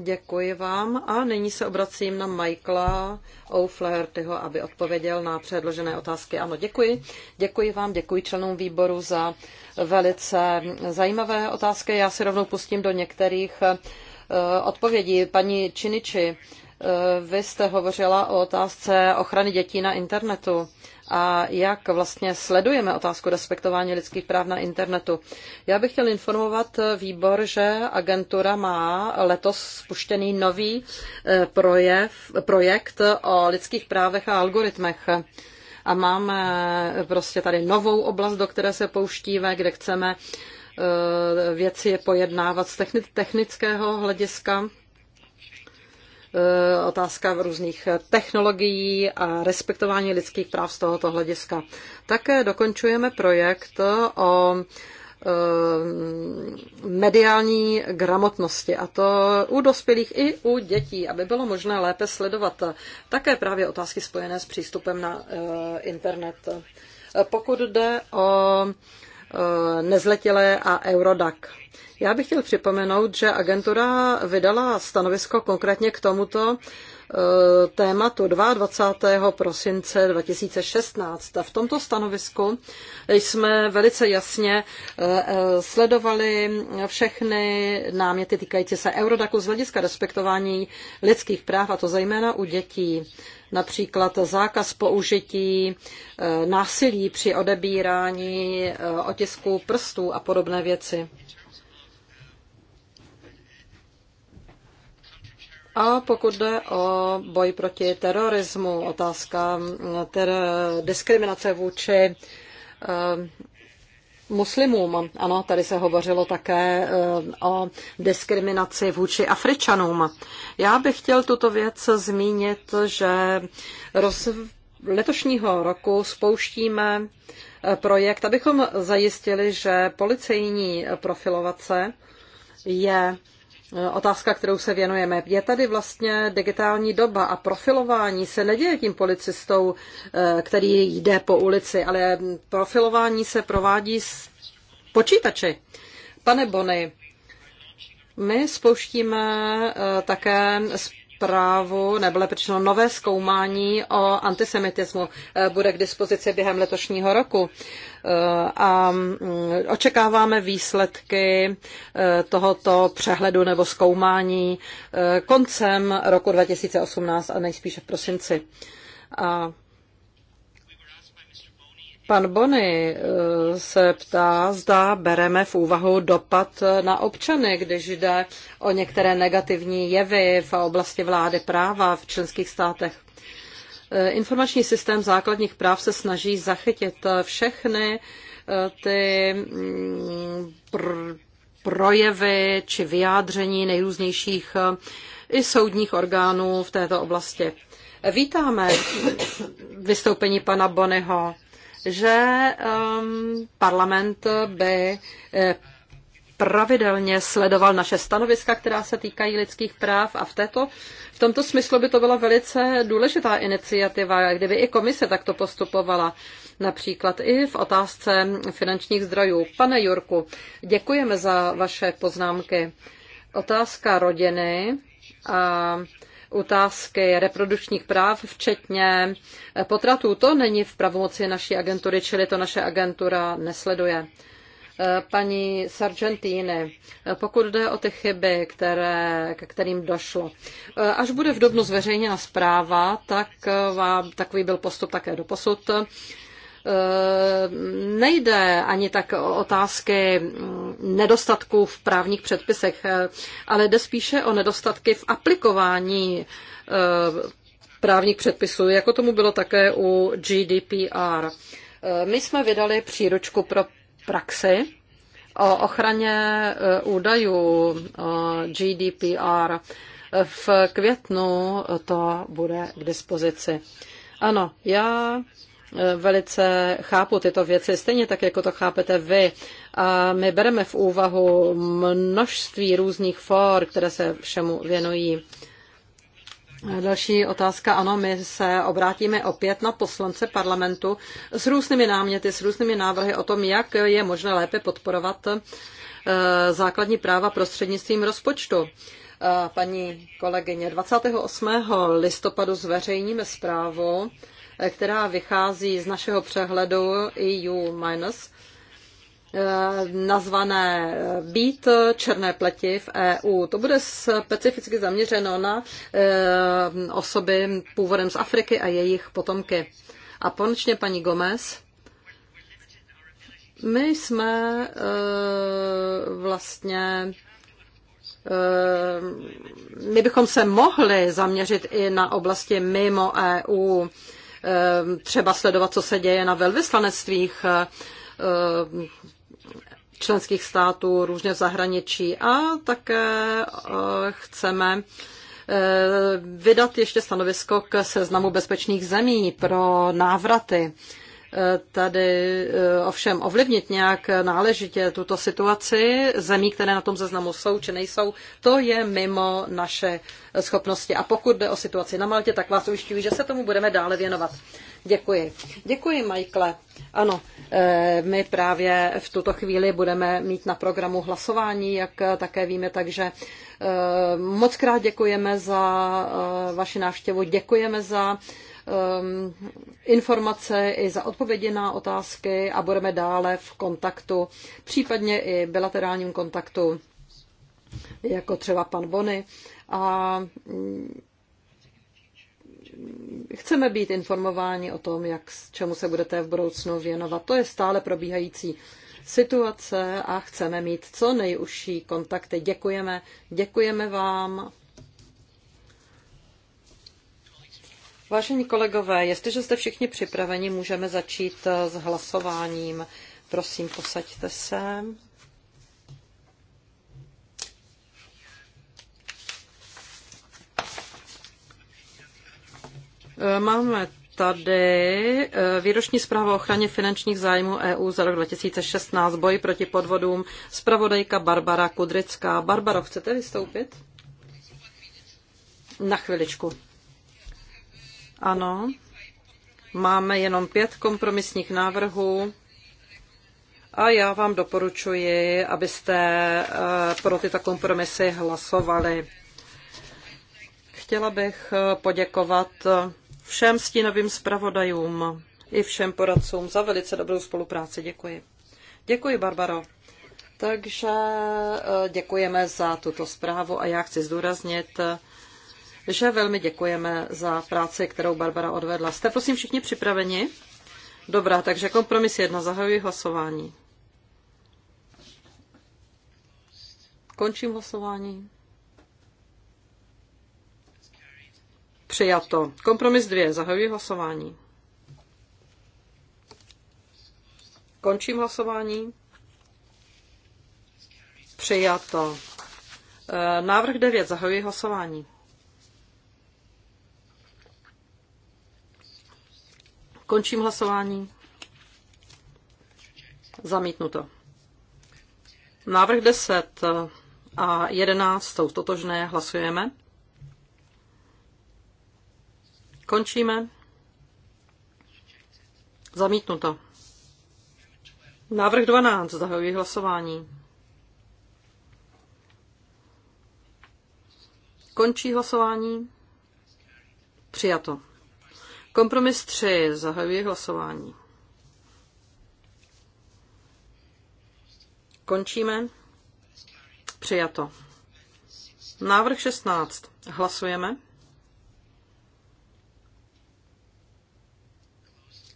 děkuji vám a nyní se obracím na Michaela O'Flahertyho, aby odpověděl na předložené otázky. Ano, děkuji. Děkuji vám, děkuji členům výboru za velice zajímavé otázky. Já si rovnou pustím do některých eh, odpovědí. Paní Činiči, Eh, vy jste hovořila o otázce ochrany dětí na internetu a jak vlastně sledujeme otázku respektování lidských práv na internetu. Já bych chtěl informovat eh, výbor, že agentura má letos spuštěný nový eh, projev, projekt o lidských právech a algoritmech a máme prostě tady novou oblast, do které se pouštíme, kde chceme věci pojednávat z technického hlediska Eh, otázka v různých technologií a respektování lidských práv z tohoto hlediska. Také dokončujeme projekt o eh, mediální gramotnosti, a to u dospělých i u dětí, aby bylo možné lépe sledovat také právě otázky spojené s přístupem na eh, internet. Pokud jde o nezletilé a Eurodac. Já bych chtěl připomenout, že agentura vydala stanovisko konkrétně k tomuto e, tématu 22. prosince 2016. A v tomto stanovisku jsme velice jasně e, e, sledovali všechny náměty týkající se Eurodaku z hlediska respektování lidských práv, a to zejména u dětí. Například zákaz použití násilí při odebírání otisků prstů a podobné věci. A pokud jde o boj proti terorismu, otázka mm, ter- diskriminace vůči eh, muslimům. Ano, tady se hovořilo také eh, o diskriminaci vůči Afričanům. Já bych chtěl tuto věc zmínit, že roz... letošního roku spouštíme eh, projekt, abychom zajistili, že policejní profilovace je otázka, kterou se věnujeme. Je tady vlastně digitální doba a profilování se neděje tím policistou, eh, který jde po ulici, ale profilování se provádí s počítači. Pane Bony, my spouštíme eh, také zprávu, nebo lepično nové zkoumání o antisemitismu eh, bude k dispozici během letošního roku. Eh, a mm, očekáváme výsledky eh, tohoto přehledu nebo zkoumání koncem roku 2018 a nejspíše v prosinci. A Pan Bony eh, se ptá, zda bereme v úvahu dopad na občany, když jde o některé negativní jevy v oblasti vlády práva v členských státech. Eh, informační systém základních práv se snaží zachytit všechny eh, ty mm, projevy či vyjádření nejrůznějších i soudních orgánů v této oblasti. Vítáme vystoupení pana Bonyho že um, parlament by eh, pravidelně sledoval naše stanoviska, která se týkají lidských práv a v, této, v tomto smyslu by to byla velice důležitá iniciativa, kdyby i komise takto postupovala, například i v otázce finančních zdrojů. Pane Jurku, děkujeme za vaše poznámky. Otázka rodiny a otázky reprodukčních práv, včetně eh, potratů. To není v pravomoci naší agentury, čili to naše agentura nesleduje. Eh, paní Sargentini, eh, pokud jde o ty chyby, které, k kterým došlo. Až bude v dobnu zveřejněna zpráva, tak vám, takový byl postup také do posud. Eh, nejde ani tak o otázky mm, nedostatků v právních předpisech, eh, ale jde spíše o nedostatky v aplikování eh, právních předpisů, jako tomu bylo také u GDPR. My jsme vydali příručku pro praxi o ochraně údajů GDPR. V květnu to bude k dispozici. Ano, já velice chápu tyto věci, stejně tak, jako to chápete vy. A my bereme v úvahu množství různých for, které se všemu věnují. Další otázka. Ano, my se obrátíme opět na poslance parlamentu s různými náměty, s různými návrhy o tom, jak je možné lépe podporovat eh, základní práva prostřednictvím rozpočtu. Eh, paní kolegyně, 28. listopadu zveřejníme zprávu která vychází z našeho přehledu EU-, eh, nazvané Být černé pleti v EU. To bude specificky zaměřeno na eh, osoby původem z Afriky a jejich potomky. A konečně paní Gomez. My jsme eh, vlastně my bychom se mohli zaměřit i na oblasti mimo EU. Ehm, třeba sledovat, co se děje na velvyslanectvích ehm, členských států různě v zahraničí a také eh, chceme eh, vydat ještě stanovisko k seznamu bezpečných zemí pro návraty tady eh, ovšem ovlivnit nějak náležitě tuto situaci zemí, které na tom seznamu jsou či nejsou, to je mimo naše schopnosti. A pokud jde o situaci na Maltě, tak vás ujišťuji, že se tomu budeme dále věnovat. Děkuji. Děkuji, Michaele. Ano, eh, my právě v tuto chvíli budeme mít na programu hlasování, jak také víme, takže eh, moc krát děkujeme za vaši návštěvu, děkujeme za Um, informace i za odpovědi na otázky a budeme dále v kontaktu, případně i bilaterálním kontaktu, jako třeba pan Bony. A mm, chceme být informováni o tom, jak, čemu se budete v budoucnu věnovat. To je stále probíhající situace a chceme mít co nejužší kontakty. Děkujeme, děkujeme vám Vážení kolegové, jestliže jste všichni připraveni, můžeme začít eh, s hlasováním. Prosím, posaďte se. Eh, máme tady eh, výroční zpráva o ochraně finančních zájmů EU za rok 2016, boj proti podvodům, zpravodajka Barbara Kudrická. Barbaro, chcete vystoupit? Na chviličku. Ano, máme jenom pět kompromisních návrhů a já vám doporučuji, abyste eh, pro tyto kompromisy hlasovali. Chtěla bych eh, poděkovat eh, všem stínovým zpravodajům i všem poradcům za velice dobrou spolupráci. Děkuji. Děkuji, Barbaro. Takže děkujeme za tuto zprávu a já chci zdůraznit, že velmi děkujeme za práci, kterou Barbara odvedla. Jste prosím všichni připraveni? Dobrá, takže kompromis jedna. Zahajuji hlasování. Končím hlasování. Přijato. Kompromis dvě. Zahajuji hlasování. Končím hlasování. Přijato. E, návrh 9. Zahajuji hlasování. Končím hlasování. Zamítnuto. Návrh 10 a 11 jsou totožné, hlasujeme. Končíme. Zamítnuto. Návrh 12. Zahajuji hlasování. Končí hlasování. Přijato. Kompromis 3. Zahajuji hlasování. Končíme. Přijato. Návrh 16. Hlasujeme.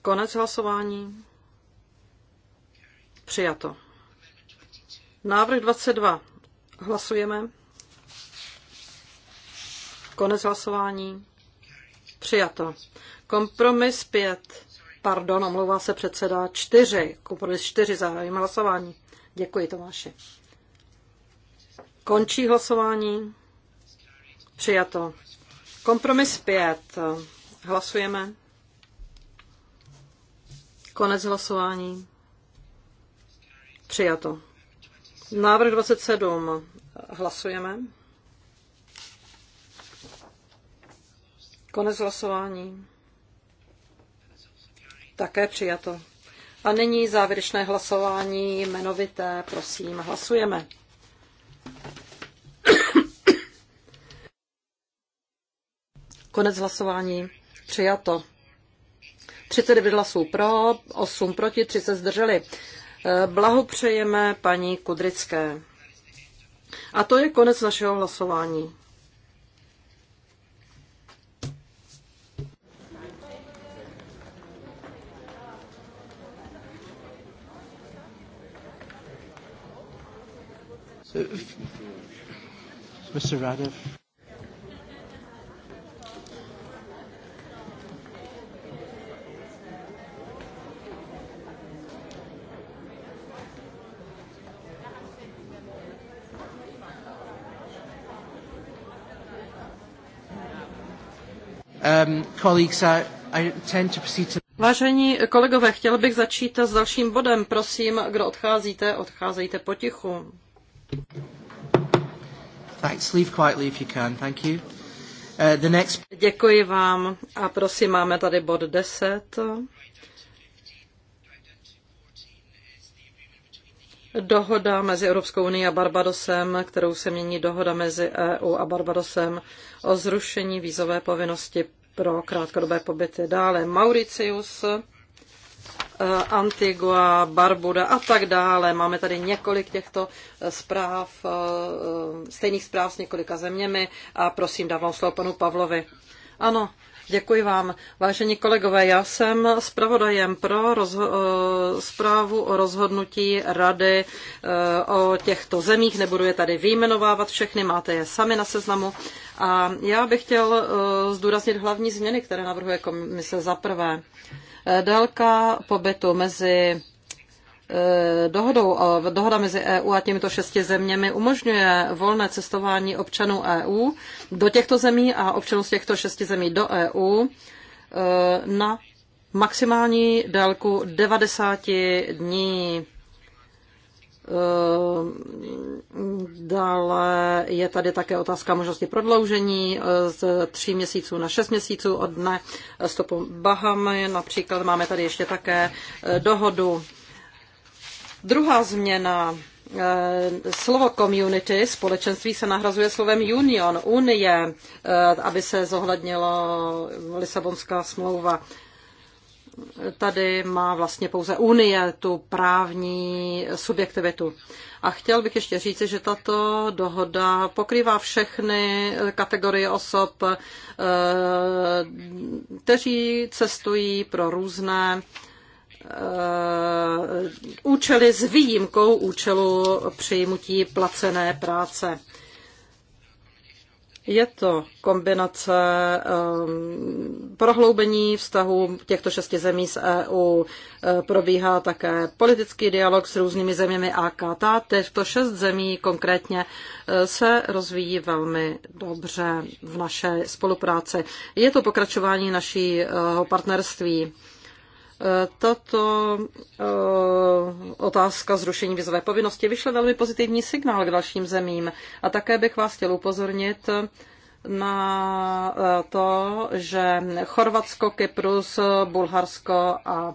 Konec hlasování. Přijato. Návrh 22. Hlasujeme. Konec hlasování. Přijato. Kompromis 5. Pardon, omlouvá se předseda 4. Kompromis 4. Zahájím hlasování. Děkuji, Tomáši. Končí hlasování. Přijato. Kompromis 5. Hlasujeme. Konec hlasování. Přijato. Návrh 27. Hlasujeme. Konec hlasování. Také přijato. A nyní závěrečné hlasování jmenovité. Prosím, hlasujeme. Konec hlasování. Přijato. 39 hlasů pro, 8 proti, 30 se zdrželi. Eh, blahopřejeme paní Kudrické. A to je konec našeho hlasování. Mr. Radev. Um, colleagues, I, I tend to proceed to... Vážení kolegové, chtěl bych začít s dalším bodem. Prosím, kdo odcházíte, odcházejte potichu. Thanks. Leave quietly if you can. Thank you. Uh, the next... Děkuji vám a prosím, máme tady bod 10. Dohoda mezi Evropskou unii a Barbadosem, kterou se mění dohoda mezi EU a Barbadosem o zrušení vízové povinnosti pro krátkodobé pobyty. Dále Mauricius. Eh, Antigua, Barbuda a tak dále. Máme tady několik těchto eh, zpráv, eh, stejných zpráv s několika zeměmi a prosím, dávám slovo panu Pavlovi. Ano, Děkuji vám. Vážení kolegové, já jsem zpravodajem pro rozho- zprávu o rozhodnutí rady o těchto zemích. Nebudu je tady vyjmenovávat všechny, máte je sami na seznamu. A já bych chtěl zdůraznit hlavní změny, které navrhuje komise za prvé. Eh, délka pobytu mezi eh, dohodou, dohoda mezi EU a těmito šesti zeměmi umožňuje volné cestování občanů EU do těchto zemí a občanů z těchto šesti zemí do EU eh, na maximální délku 90 dní. Ehm, dále je tady také otázka možnosti prodloužení eh, z tří měsíců na šest měsíců od dne stopu Bahamy. Například máme tady ještě také eh, dohodu. Druhá změna eh, slovo community, společenství se nahrazuje slovem union, unie, aby se zohlednila Lisabonská smlouva tady má vlastně pouze Unie tu právní subjektivitu. A chtěl bych ještě říci, že tato dohoda pokrývá všechny kategorie osob, eh, kteří cestují pro různé eh, účely s výjimkou účelu přijmutí placené práce. Je to kombinace um, prohloubení vztahů těchto šesti zemí s EU. Eh, probíhá také politický dialog s různými zeměmi AKT. Těchto šest zemí konkrétně eh, se rozvíjí velmi dobře v naší spolupráci. Je to pokračování našího partnerství. Tato eh, otázka zrušení vizové povinnosti vyšle velmi pozitivní signál k dalším zemím. A také bych vás chtěl upozornit na eh, to, že Chorvatsko, Kyprus, Bulharsko a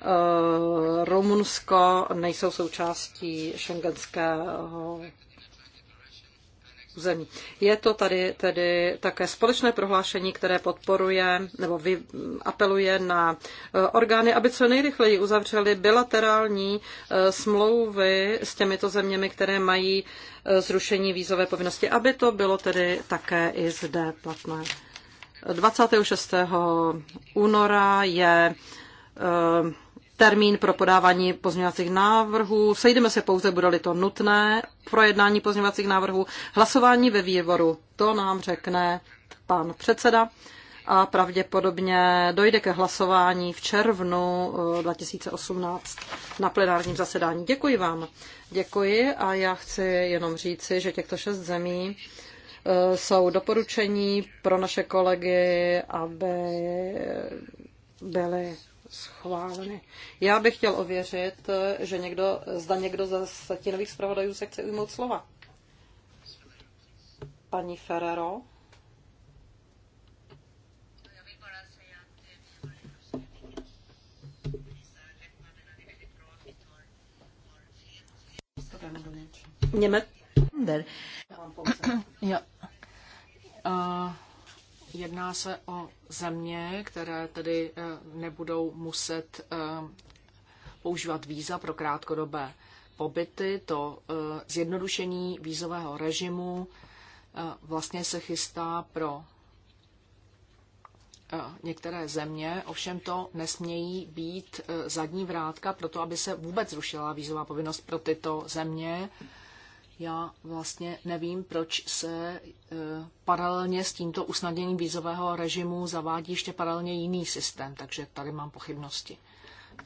eh, Rumunsko nejsou součástí šengenského území. Je to tady tedy také společné prohlášení, které podporuje nebo vy, apeluje na eh, orgány, aby co nejrychleji uzavřeli bilaterální eh, smlouvy s těmito zeměmi, které mají eh, zrušení vízové povinnosti, aby to bylo tedy také i zde platné. 26. února je termín pro podávání pozměňovacích návrhů. Sejdeme se pouze, bude-li to nutné, projednání pozměňovacích návrhů. Hlasování ve výboru, to nám řekne pan předseda a pravděpodobně dojde ke hlasování v červnu 2018 eh, na plenárním zasedání. Děkuji vám. Děkuji a já chci jenom říci, že těchto šest zemí eh, jsou doporučení pro naše kolegy, aby byly schváleny. Já bych chtěl ověřit, že někdo, zda někdo ze setinových zpravodajů se chce ujmout slova. Paní Ferrero. Němec. Jo. Uh, Jedná se o země, které tedy eh, nebudou muset eh, používat víza pro krátkodobé pobyty. To eh, zjednodušení vízového režimu vlastně se chystá pro některé země, ovšem to nesmějí být zadní vrátka pro to, aby se vůbec zrušila vízová povinnost pro tyto země. Já vlastně nevím, proč se eh, paralelně s tímto usnadněním vízového režimu zavádí ještě paralelně jiný systém, takže tady mám pochybnosti.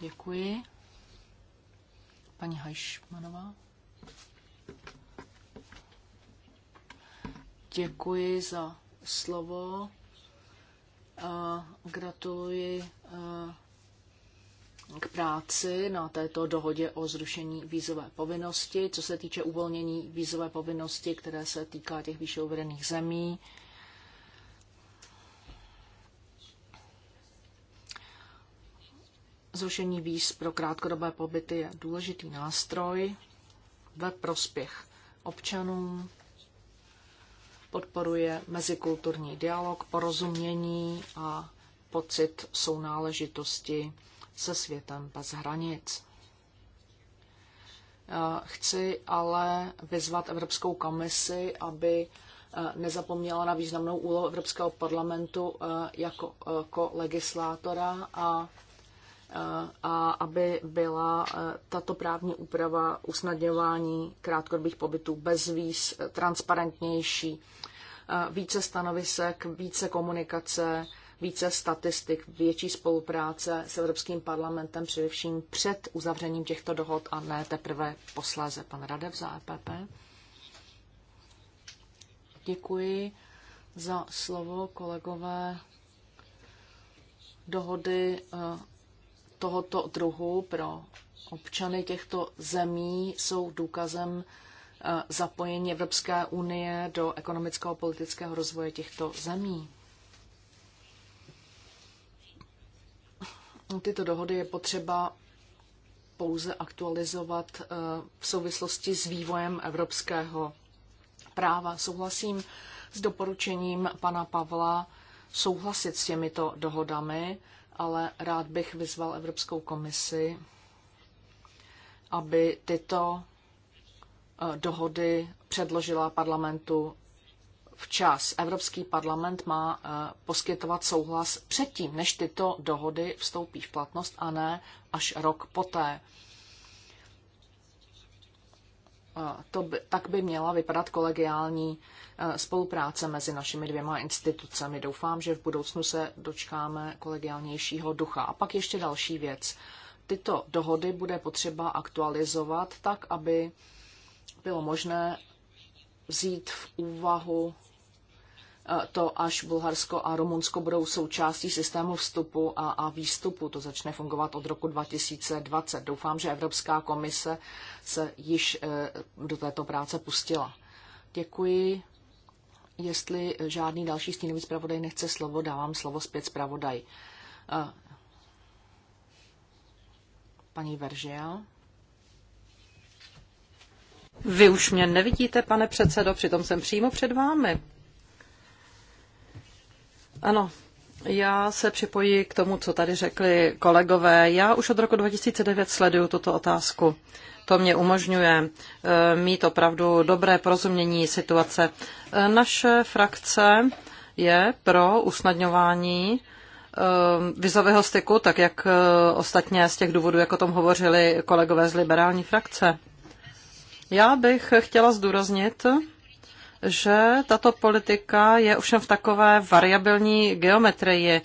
Děkuji. Paní Hajšmanová. Děkuji za slovo. A eh, gratuluji eh, k práci na této dohodě o zrušení vízové povinnosti. Co se týče uvolnění vízové povinnosti, které se týká těch výše uvedených zemí, Zrušení víz pro krátkodobé pobyty je důležitý nástroj ve prospěch občanům, podporuje mezikulturní dialog, porozumění a pocit sounáležitosti se světem bez hranic. Eh, chci ale vyzvat Evropskou komisi, aby eh, nezapomněla na významnou úlohu Evropského parlamentu eh, jako, jako legislátora a, a aby byla tato právní úprava usnadňování krátkodobých pobytů bez víz transparentnější, více stanovisek, více komunikace, více statistik, větší spolupráce s Evropským parlamentem, především před uzavřením těchto dohod a ne teprve posléze. Pan Radev za EPP. Děkuji za slovo, kolegové. Dohody eh, tohoto druhu pro občany těchto zemí jsou důkazem eh, zapojení Evropské unie do ekonomického a politického rozvoje těchto zemí. No, tyto dohody je potřeba pouze aktualizovat eh, v souvislosti s vývojem evropského práva. Souhlasím s doporučením pana Pavla souhlasit s těmito dohodami, ale rád bych vyzval Evropskou komisi, aby tyto eh, dohody předložila parlamentu včas. Evropský parlament má eh, poskytovat souhlas předtím, než tyto dohody vstoupí v platnost a ne až rok poté. Eh, to by, tak by měla vypadat kolegiální eh, spolupráce mezi našimi dvěma institucemi. Doufám, že v budoucnu se dočkáme kolegiálnějšího ducha. A pak ještě další věc. Tyto dohody bude potřeba aktualizovat tak, aby bylo možné vzít v úvahu E, to, až Bulharsko a Rumunsko budou součástí systému vstupu a, a výstupu. To začne fungovat od roku 2020. Doufám, že Evropská komise se již e, do této práce pustila. Děkuji. Jestli žádný další stínový zpravodaj nechce slovo, dávám slovo zpět zpravodaj. E, paní Veržia. Vy už mě nevidíte, pane předsedo, přitom jsem přímo před vámi. Ano, já se připojí k tomu, co tady řekli kolegové. Já už od roku 2009 sleduju tuto otázku. To mě umožňuje eh, mít opravdu dobré porozumění situace. Eh, naše frakce je pro usnadňování eh, vizového styku, tak jak ostatně z těch důvodů, jak o tom hovořili kolegové z liberální frakce. Já bych chtěla zdůraznit, že tato politika je ovšem v takové variabilní geometrii. E,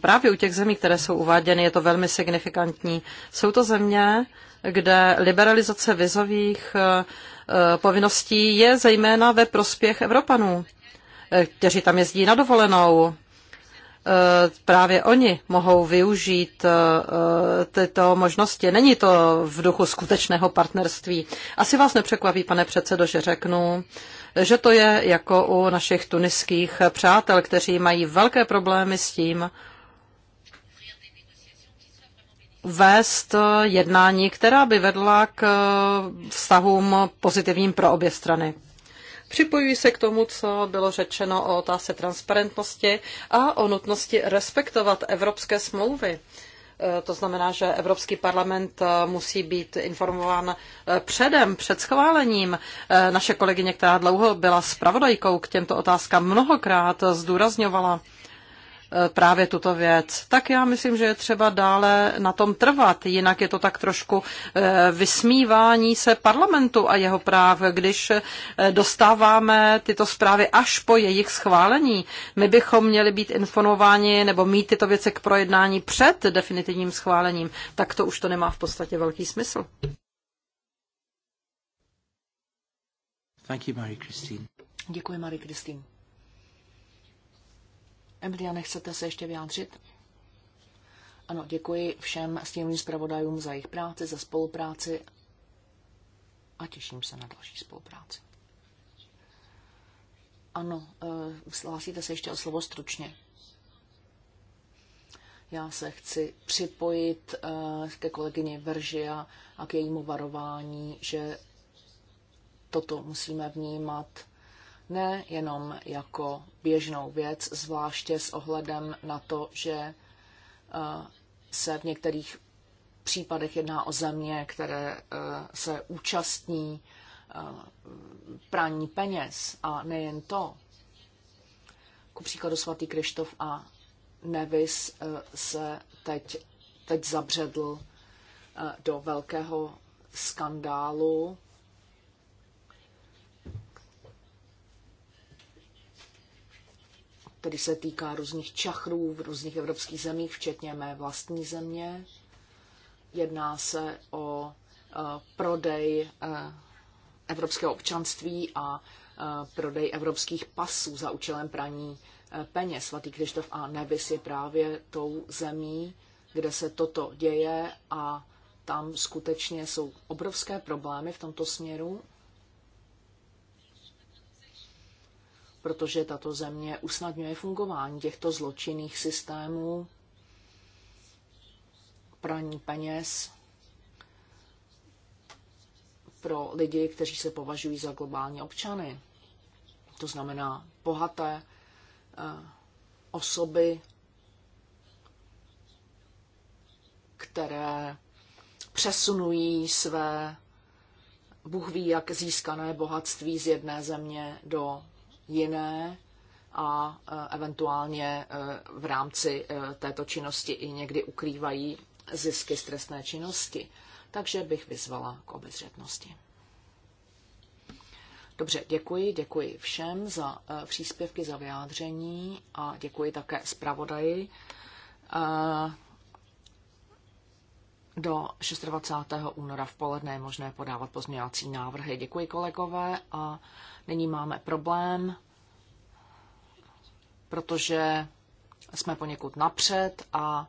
právě u těch zemí, které jsou uváděny, je to velmi signifikantní. Jsou to země, kde liberalizace vizových e, e, povinností je zejména ve prospěch Evropanů, kteří tam jezdí na dovolenou. Právě oni mohou využít tyto možnosti. Není to v duchu skutečného partnerství. Asi vás nepřekvapí, pane předsedo, že řeknu, že to je jako u našich tuniských přátel, kteří mají velké problémy s tím, vést jednání, která by vedla k vztahům pozitivním pro obě strany. Připojuji se k tomu, co bylo řečeno o otázce transparentnosti a o nutnosti respektovat evropské smlouvy Eh, to znamená, že Evropský parlament eh, musí být informován eh, předem, před schválením. Naše kolegyně, která dlouho byla spravodajkou k těmto otázkám, mnohokrát zdůrazňovala, Eh, právě tuto věc, tak já myslím, že je třeba dále na tom trvat. Jinak je to tak trošku eh, vysmívání se parlamentu a jeho práv, když eh, dostáváme tyto zprávy až po jejich schválení. My bychom měli být informováni nebo mít tyto věci k projednání před definitivním schválením. Tak to už to nemá v podstatě velký smysl. Thank you, Marie Christine. Děkuji, Marie Christine. Emilia, nechcete se ještě vyjádřit? Ano, děkuji všem sněmovým zpravodajům za jejich práci, za spolupráci a těším se na další spolupráci. Ano, eh, hlásíte se ještě o slovo stručně. Já se chci připojit eh, ke kolegyni Veržia a k jejímu varování, že toto musíme vnímat ne jenom jako běžnou věc, zvláště s ohledem na to, že eh, se v některých případech jedná o země, které eh, se účastní eh, prání peněz a nejen to. Ku příkladu svatý Krištof a Nevis se teď, teď zabředl do velkého skandálu který se týká různých čachrů v různých evropských zemích, včetně mé vlastní země. Jedná se o eh, prodej eh, evropského občanství a eh, prodej evropských pasů za účelem praní peněz. Svatý Krištof a Nevis je právě tou zemí, kde se toto děje a tam skutečně jsou obrovské problémy v tomto směru. protože tato země usnadňuje fungování těchto zločinných systémů, praní peněz pro lidi, kteří se považují za globální občany. To znamená bohaté eh, osoby, které přesunují své Bůh ví, jak získané bohatství z jedné země do jiné a e, eventuálně e, v rámci e, této činnosti i někdy ukrývají zisky z trestné činnosti. Takže bych vyzvala k obezřetnosti. Dobře, děkuji, děkuji všem za příspěvky, za vyjádření a děkuji také zpravodaji. Do 26. února v poledne je možné podávat pozměňovací návrhy. Děkuji kolegové a nyní máme problém, protože jsme poněkud napřed a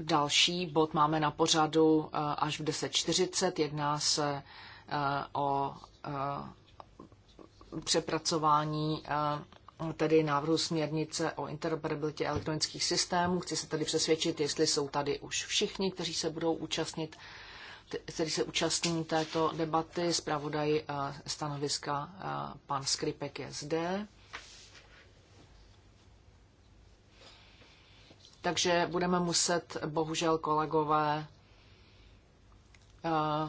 další bod máme na pořadu eh, až v 10.40. Jedná se eh, o eh, přepracování tedy návrhu směrnice o interoperabilitě elektronických systémů. Chci se tady přesvědčit, jestli jsou tady už všichni, kteří se budou účastnit, kteří se účastní této debaty. Zpravodaj eh, stanoviska eh, pan Skripek je zde. Takže budeme muset, bohužel kolegové, eh,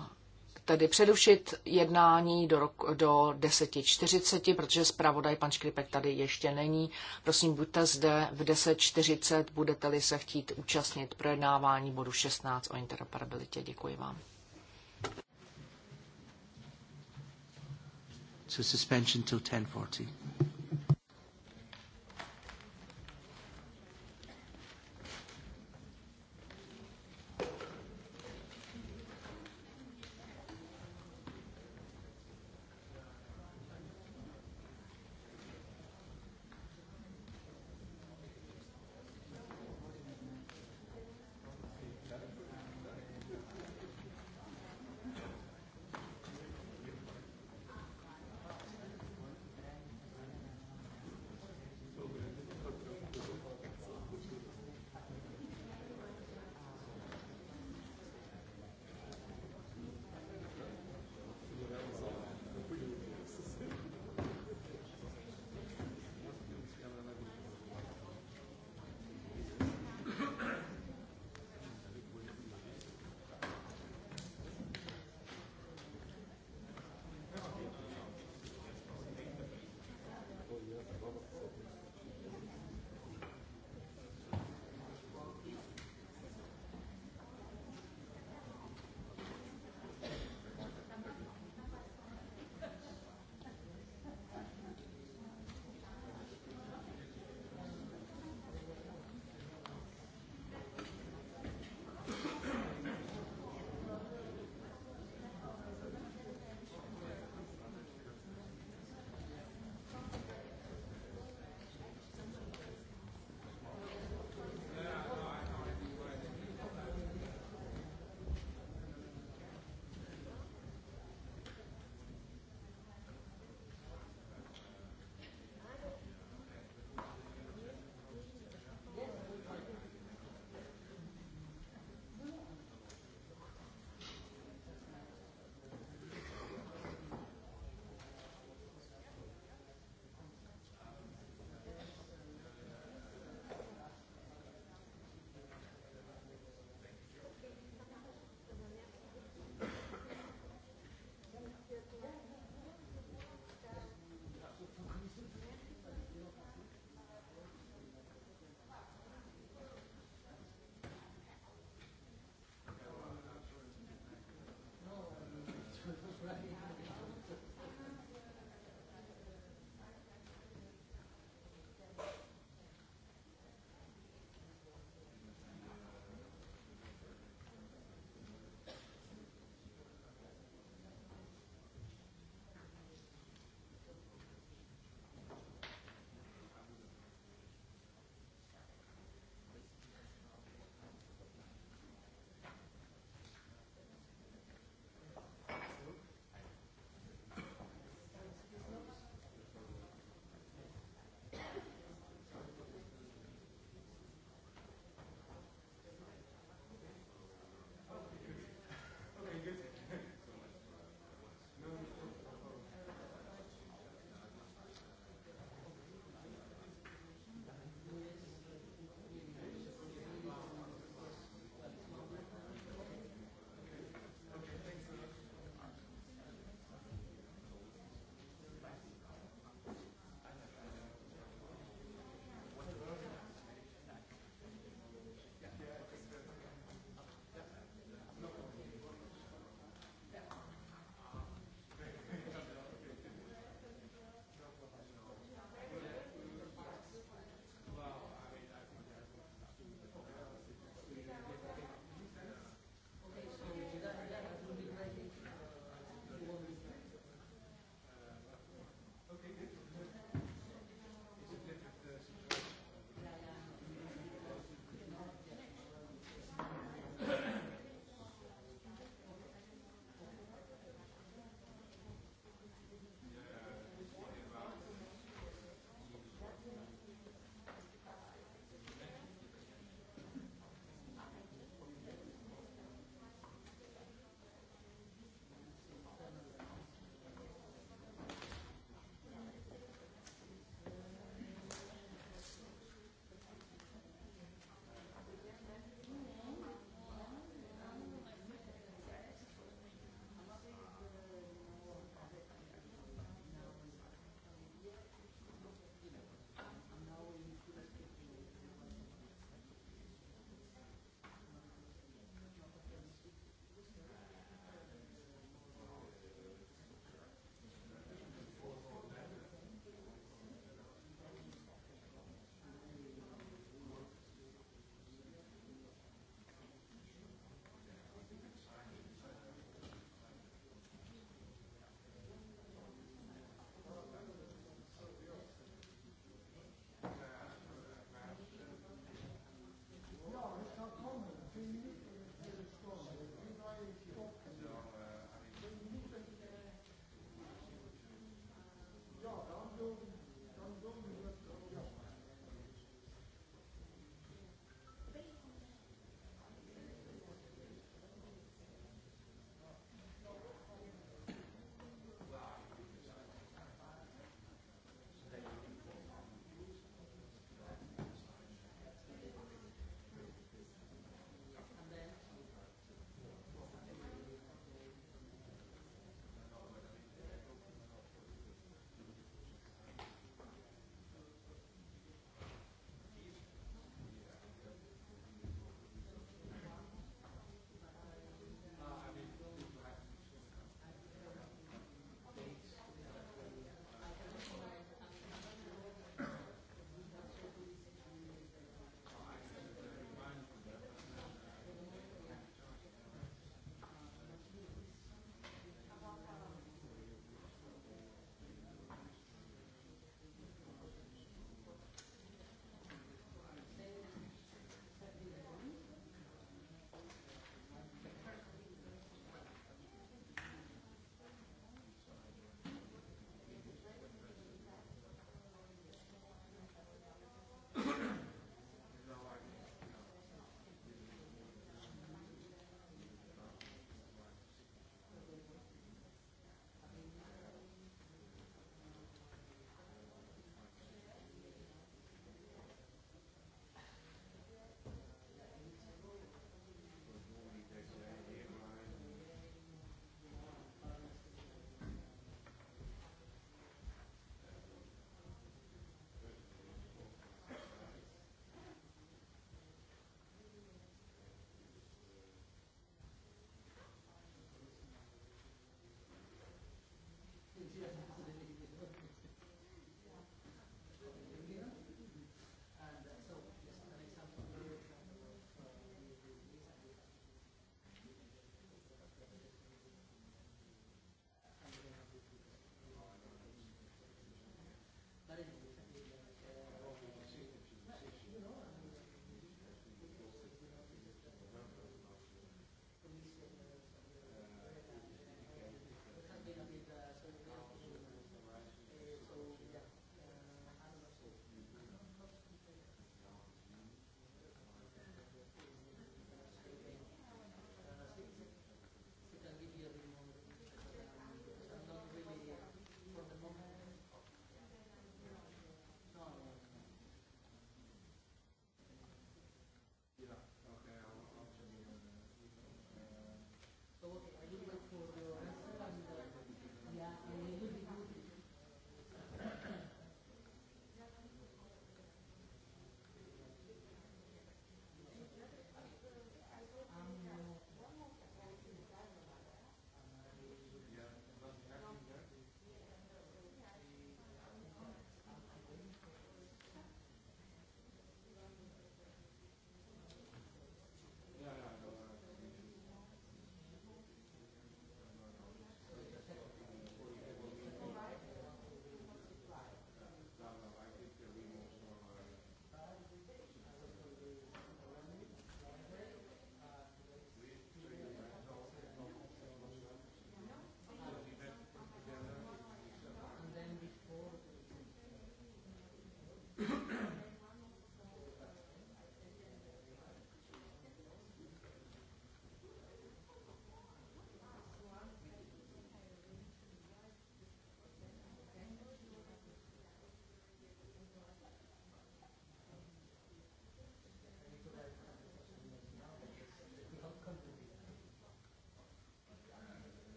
tedy předušit jednání do, rok, do 10.40, protože zpravodaj pan Škripek tady ještě není. Prosím, buďte zde v 10.40, budete-li se chtít účastnit projednávání bodu 16 o interoperabilitě. Děkuji vám. So suspension till 10.40.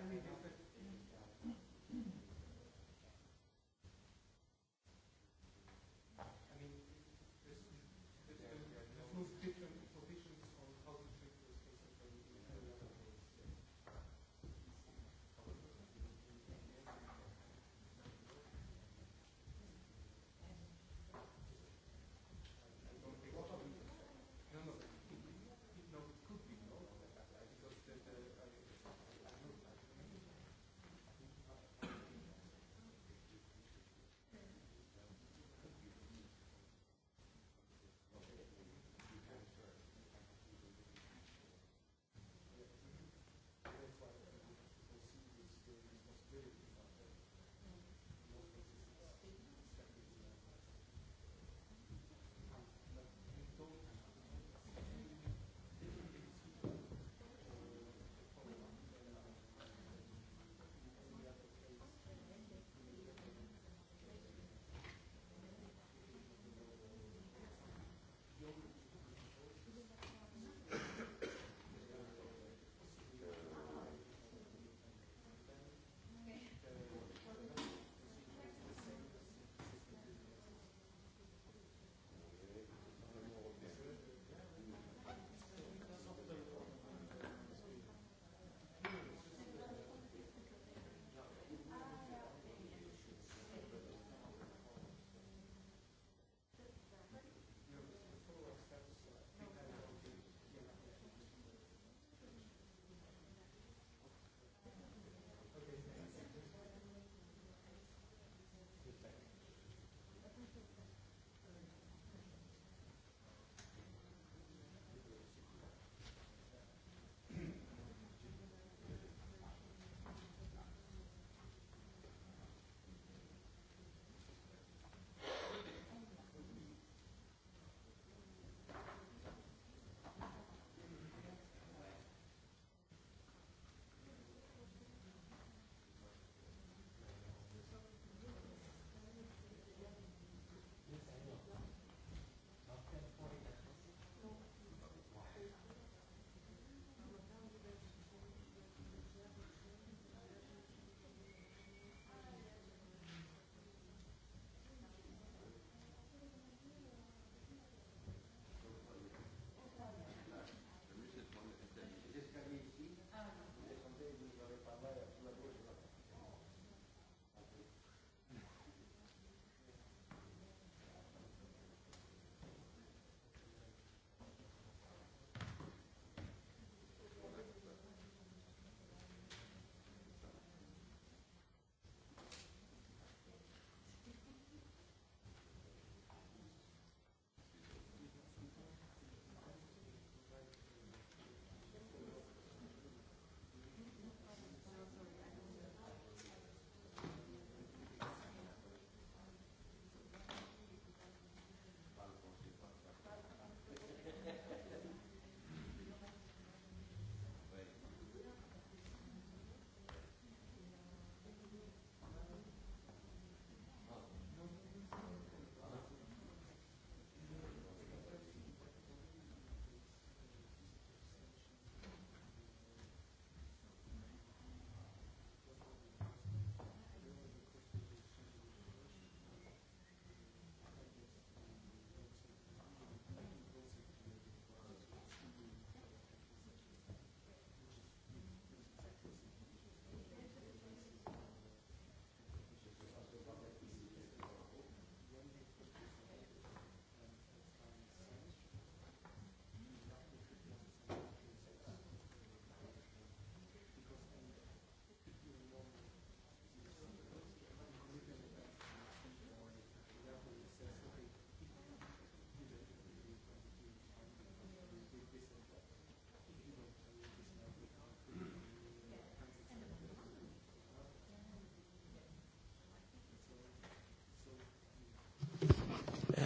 every member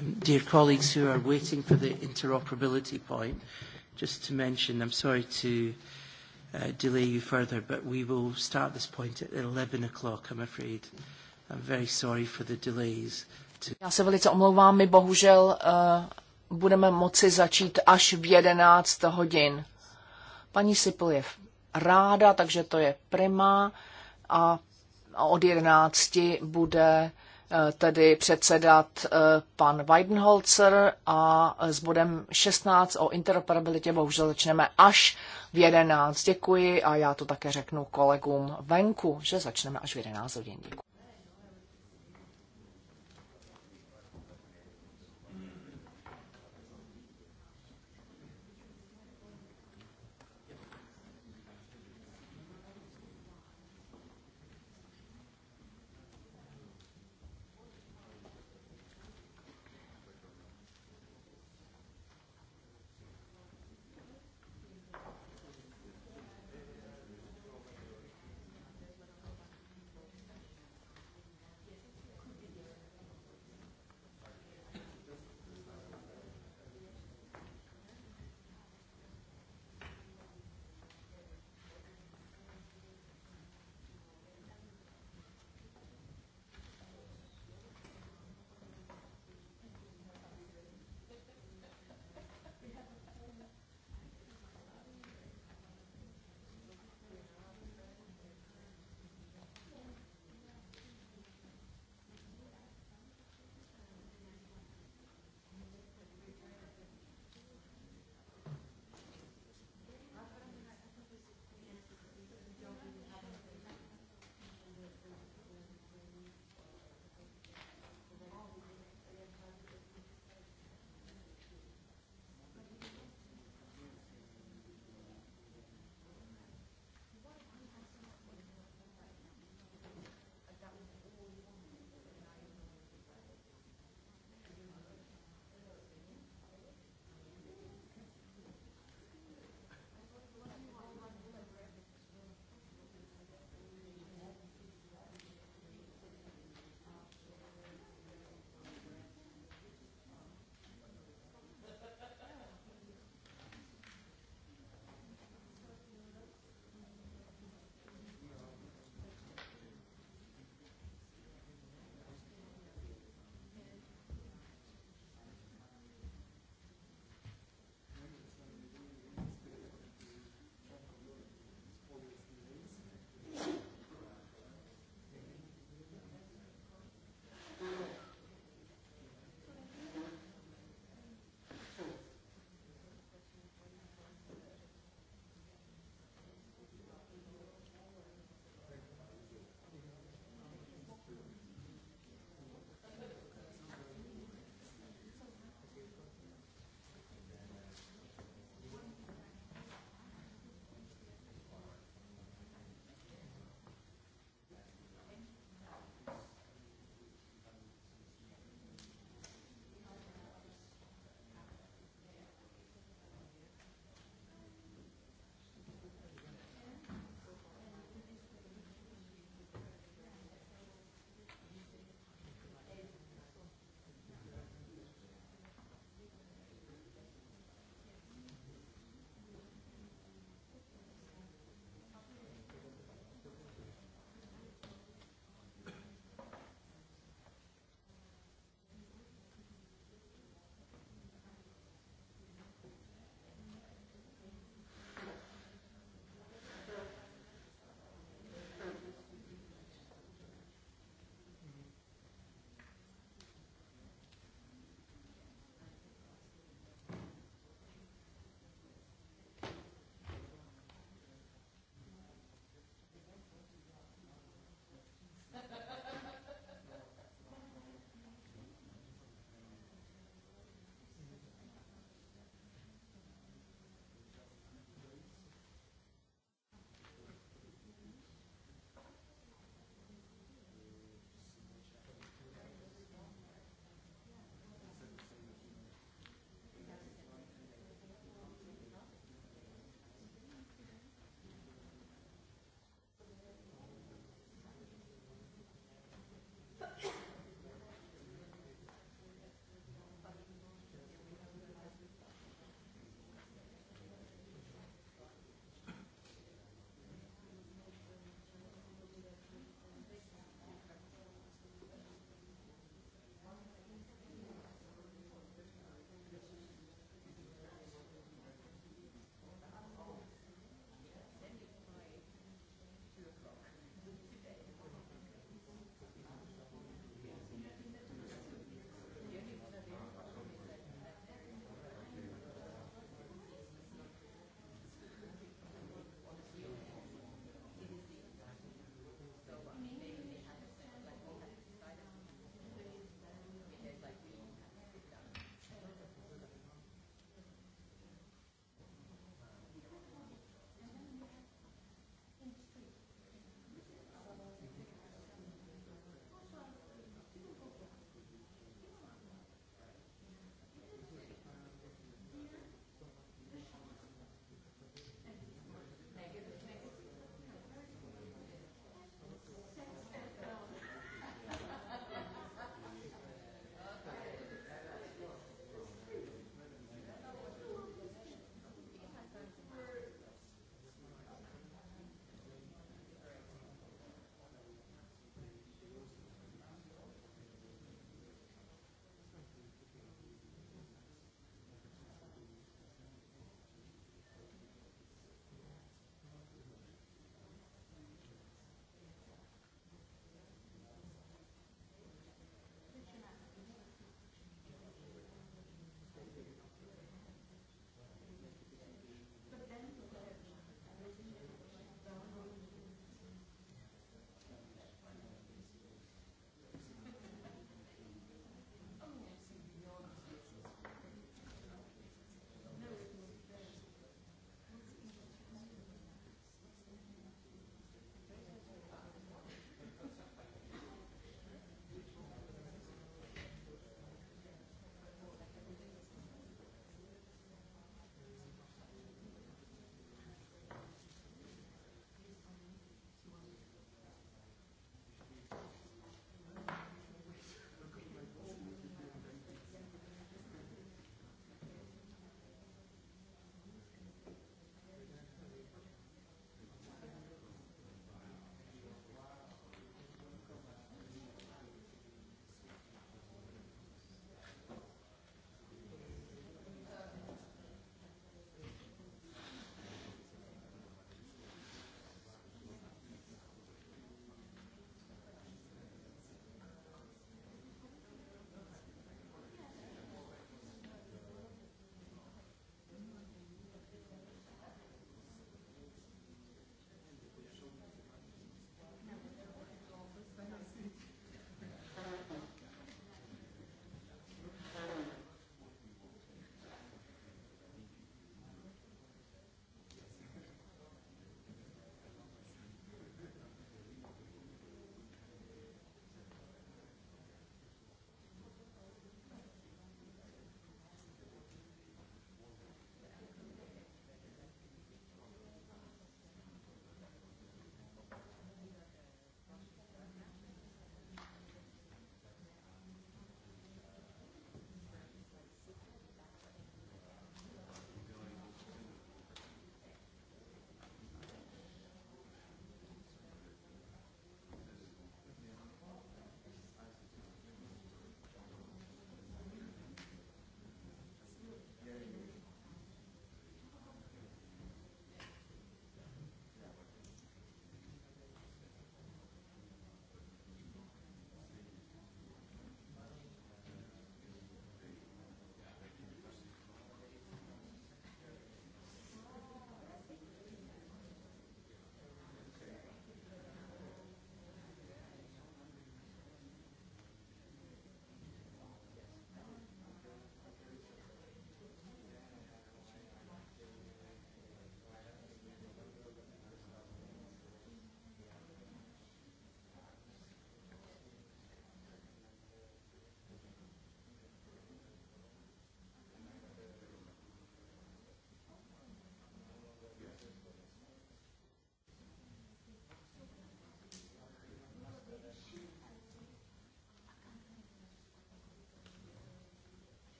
dear colleagues who are waiting for the interoperability point, just to mention, I'm sorry to uh, delay you further, but we will start this point at 11 o'clock, I'm afraid. I'm very sorry for the delays. To... Já se velice omlouvám, my bohužel uh, budeme moci začít až v 11 hodin. Paní Sipl je ráda, takže to je prima a od 11 bude tedy předsedat eh, pan Weidenholzer a s bodem 16 o interoperabilitě bohužel začneme až v 11. Děkuji a já to také řeknu kolegům venku, že začneme až v 11 hodin. Děkuji.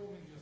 Omen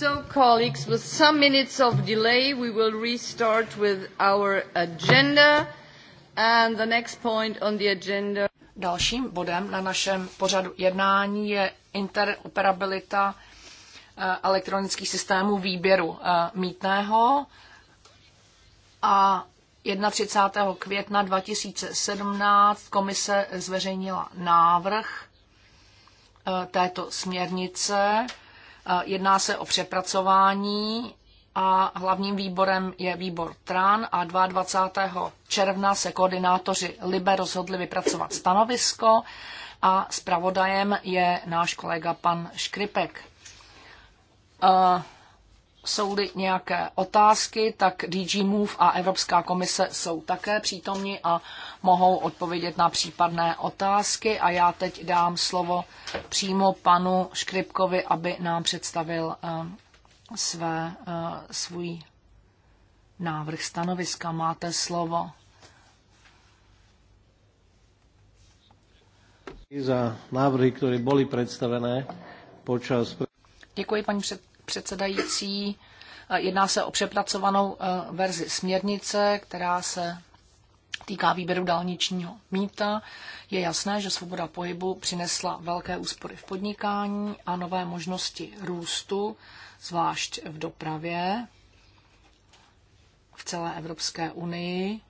So, colleagues, with some minutes of delay, we will restart with our agenda. And the next point on the agenda... Dalším bodem na našem pořadu jednání je interoperabilita eh, elektronických systémů výběru eh, mítného. A 31. května 2017 komise zveřejnila návrh eh, této směrnice Jedná se o přepracování a hlavním výborem je výbor TRAN a 22. června se koordinátoři LIBE rozhodli vypracovat stanovisko a zpravodajem je náš kolega pan Škripek. Eh, jsou-li nějaké otázky, tak DG Move a Evropská komise jsou také přítomni a mohou odpovědět na případné otázky. A já teď dám slovo přímo panu Škripkovi, aby nám představil eh, své, eh, svůj návrh stanoviska. Máte slovo. za návrhy, které byly představené počas... Děkuji, paní před, předsedající. Eh, jedná se o přepracovanou eh, verzi směrnice, která se týká výběru dálničního mýta. Je jasné, že svoboda pohybu přinesla velké úspory v podnikání a nové možnosti růstu, zvlášť v dopravě v celé Evropské unii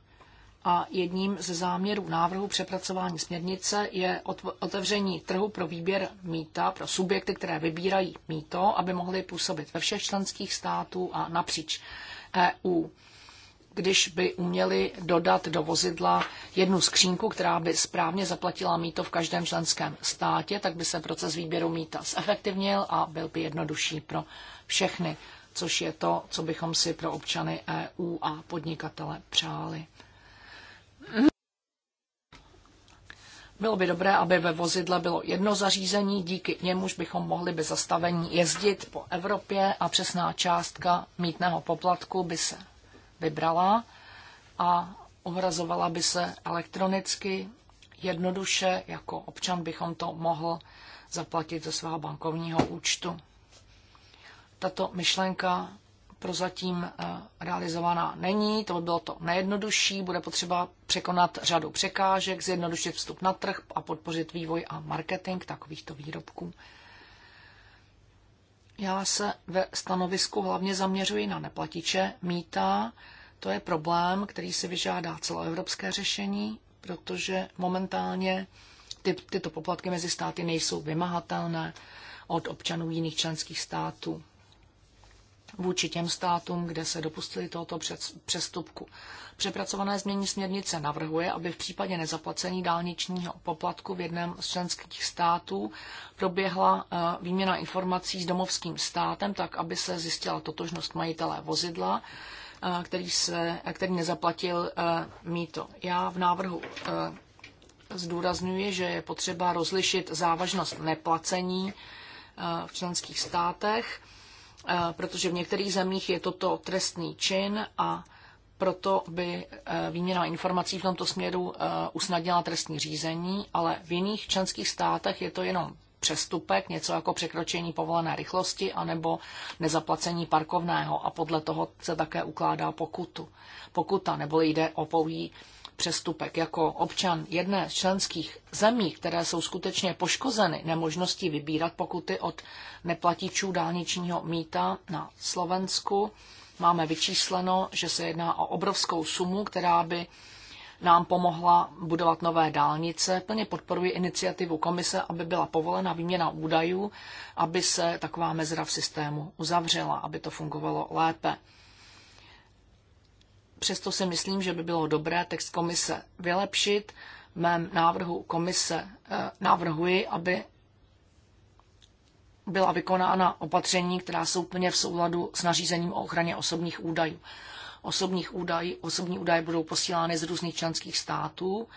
a jedním ze záměrů návrhu přepracování směrnice je otevření trhu pro výběr mýta pro subjekty, které vybírají mýto, aby mohly působit ve všech členských států a napříč EU když by uměli dodat do vozidla jednu skřínku, která by správně zaplatila mýto v každém členském státě, tak by se proces výběru mýta zefektivnil a byl by jednodušší pro všechny, což je to, co bychom si pro občany EU a podnikatele přáli. Bylo by dobré, aby ve vozidle bylo jedno zařízení, díky němuž bychom mohli bez zastavení jezdit po Evropě a přesná částka mítného poplatku by se vybrala a uhrazovala by se elektronicky, jednoduše, jako občan bychom to mohl zaplatit ze svého bankovního účtu. Tato myšlenka prozatím eh, realizovaná není. To by bylo to nejjednodušší. Bude potřeba překonat řadu překážek, zjednodušit vstup na trh a podpořit vývoj a marketing takovýchto výrobků. Já se ve stanovisku hlavně zaměřuji na neplatiče mýta. To je problém, který si vyžádá celoevropské řešení, protože momentálně ty, tyto poplatky mezi státy nejsou vymahatelné od občanů jiných členských států vůči těm státům, kde se dopustili tohoto přestupku. Přepracované změní směrnice navrhuje, aby v případě nezaplacení dálničního poplatku v jednom z členských států proběhla eh, výměna informací s domovským státem, tak aby se zjistila totožnost majitele vozidla, eh, který, se, eh, který nezaplatil mýto. Já v návrhu zdůrazňuji, že je potřeba rozlišit závažnost neplacení v členských státech Eh, protože v některých zemích je toto trestný čin a proto by eh, výměna informací v tomto směru eh, usnadnila trestní řízení, ale v jiných členských státech je to jenom přestupek, něco jako překročení povolené rychlosti anebo nezaplacení parkovného a podle toho se také ukládá pokutu. Pokuta nebo jde o pouhý přestupek jako občan jedné z členských zemí, které jsou skutečně poškozeny nemožností vybírat pokuty od neplatičů dálničního mýta na Slovensku, máme vyčísleno, že se jedná o obrovskou sumu, která by nám pomohla budovat nové dálnice. Plně podporuji iniciativu komise, aby byla povolena výměna údajů, aby se taková mezera v systému uzavřela, aby to fungovalo lépe. Přesto si myslím, že by bylo dobré text komise vylepšit. V mém návrhu komise eh, navrhuji, aby byla vykonána opatření, která jsou plně v souladu s nařízením o ochraně osobních údajů. Osobních údaj, osobní údaje budou posílány z různých členských států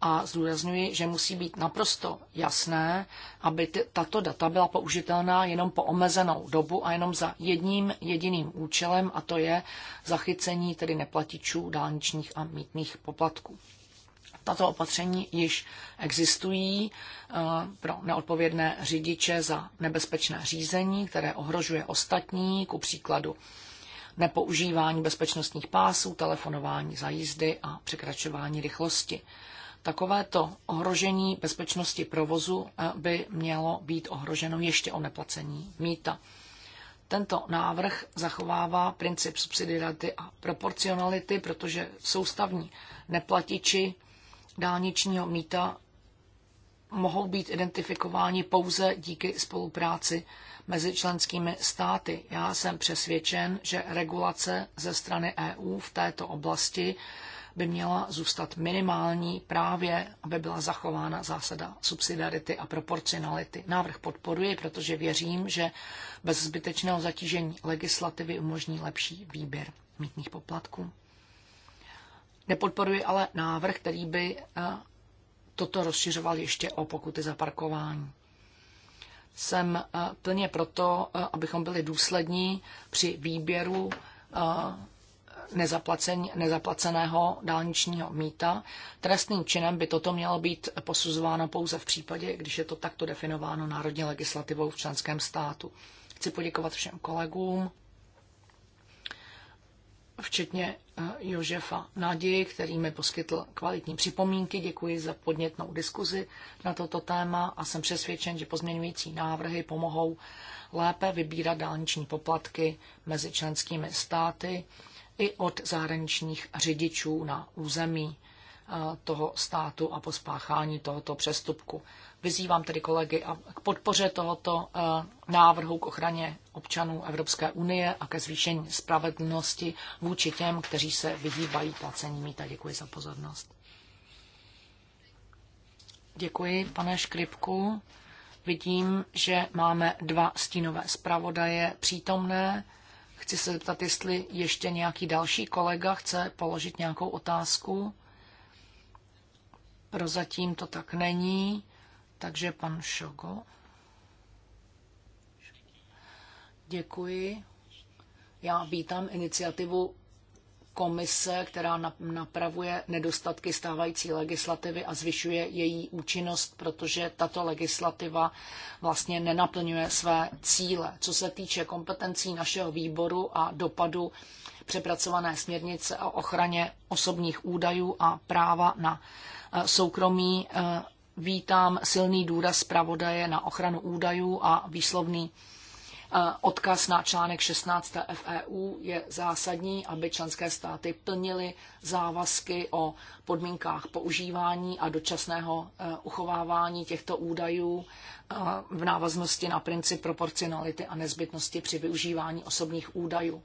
a zdůrazňuji, že musí být naprosto jasné, aby t- tato data byla použitelná jenom po omezenou dobu a jenom za jedním jediným účelem, a to je zachycení tedy neplatičů dálničních a mítných poplatků. Tato opatření již existují eh, pro neodpovědné řidiče za nebezpečné řízení, které ohrožuje ostatní, ku příkladu nepoužívání bezpečnostních pásů, telefonování za jízdy a překračování rychlosti. Takovéto ohrožení bezpečnosti provozu eh, by mělo být ohroženo ještě o neplacení mýta. Tento návrh zachovává princip subsidiarity a proporcionality, protože soustavní neplatiči dálničního mýta mohou být identifikováni pouze díky spolupráci mezi členskými státy. Já jsem přesvědčen, že regulace ze strany EU v této oblasti by měla zůstat minimální právě, aby byla zachována zásada subsidiarity a proporcionality. Návrh podporuji, protože věřím, že bez zbytečného zatížení legislativy umožní lepší výběr mítných poplatků. Nepodporuji ale návrh, který by eh, toto rozšiřoval ještě o pokuty za parkování jsem eh, plně proto, eh, abychom byli důslední při výběru nezaplaceného dálničního mýta. Trestným činem by toto mělo být posuzováno pouze v případě, když je to takto definováno národní legislativou v členském státu. Chci poděkovat všem kolegům, včetně eh, Jožefa Naději, který mi poskytl kvalitní připomínky. Děkuji za podnětnou diskuzi na toto téma a jsem přesvědčen, že pozměňující návrhy pomohou lépe vybírat dálniční poplatky mezi členskými státy i od zahraničních řidičů na území eh, toho státu a po spáchání tohoto přestupku. Vyzývám tedy kolegy k podpoře tohoto eh, návrhu k ochraně občanů Evropské unie a ke zvýšení spravedlnosti vůči těm, kteří se vyhýbají placení mýta. Děkuji za pozornost. Děkuji, pane Škripku. Vidím, že máme dva stínové zpravodaje přítomné. Chci se zeptat, jestli ještě nějaký další kolega chce položit nějakou otázku. Prozatím to tak není, takže pan Šogo. Děkuji. Já vítám iniciativu komise, která napravuje nedostatky stávající legislativy a zvyšuje její účinnost, protože tato legislativa vlastně nenaplňuje své cíle. Co se týče kompetencí našeho výboru a dopadu přepracované směrnice o ochraně osobních údajů a práva na eh, soukromí, eh, vítám silný důraz zpravodaje na ochranu údajů a výslovný Odkaz na článek 16 FEU je zásadní, aby členské státy plnily závazky o podmínkách používání a dočasného e, uchovávání těchto údajů e, v návaznosti na princip proporcionality a nezbytnosti při využívání osobních údajů.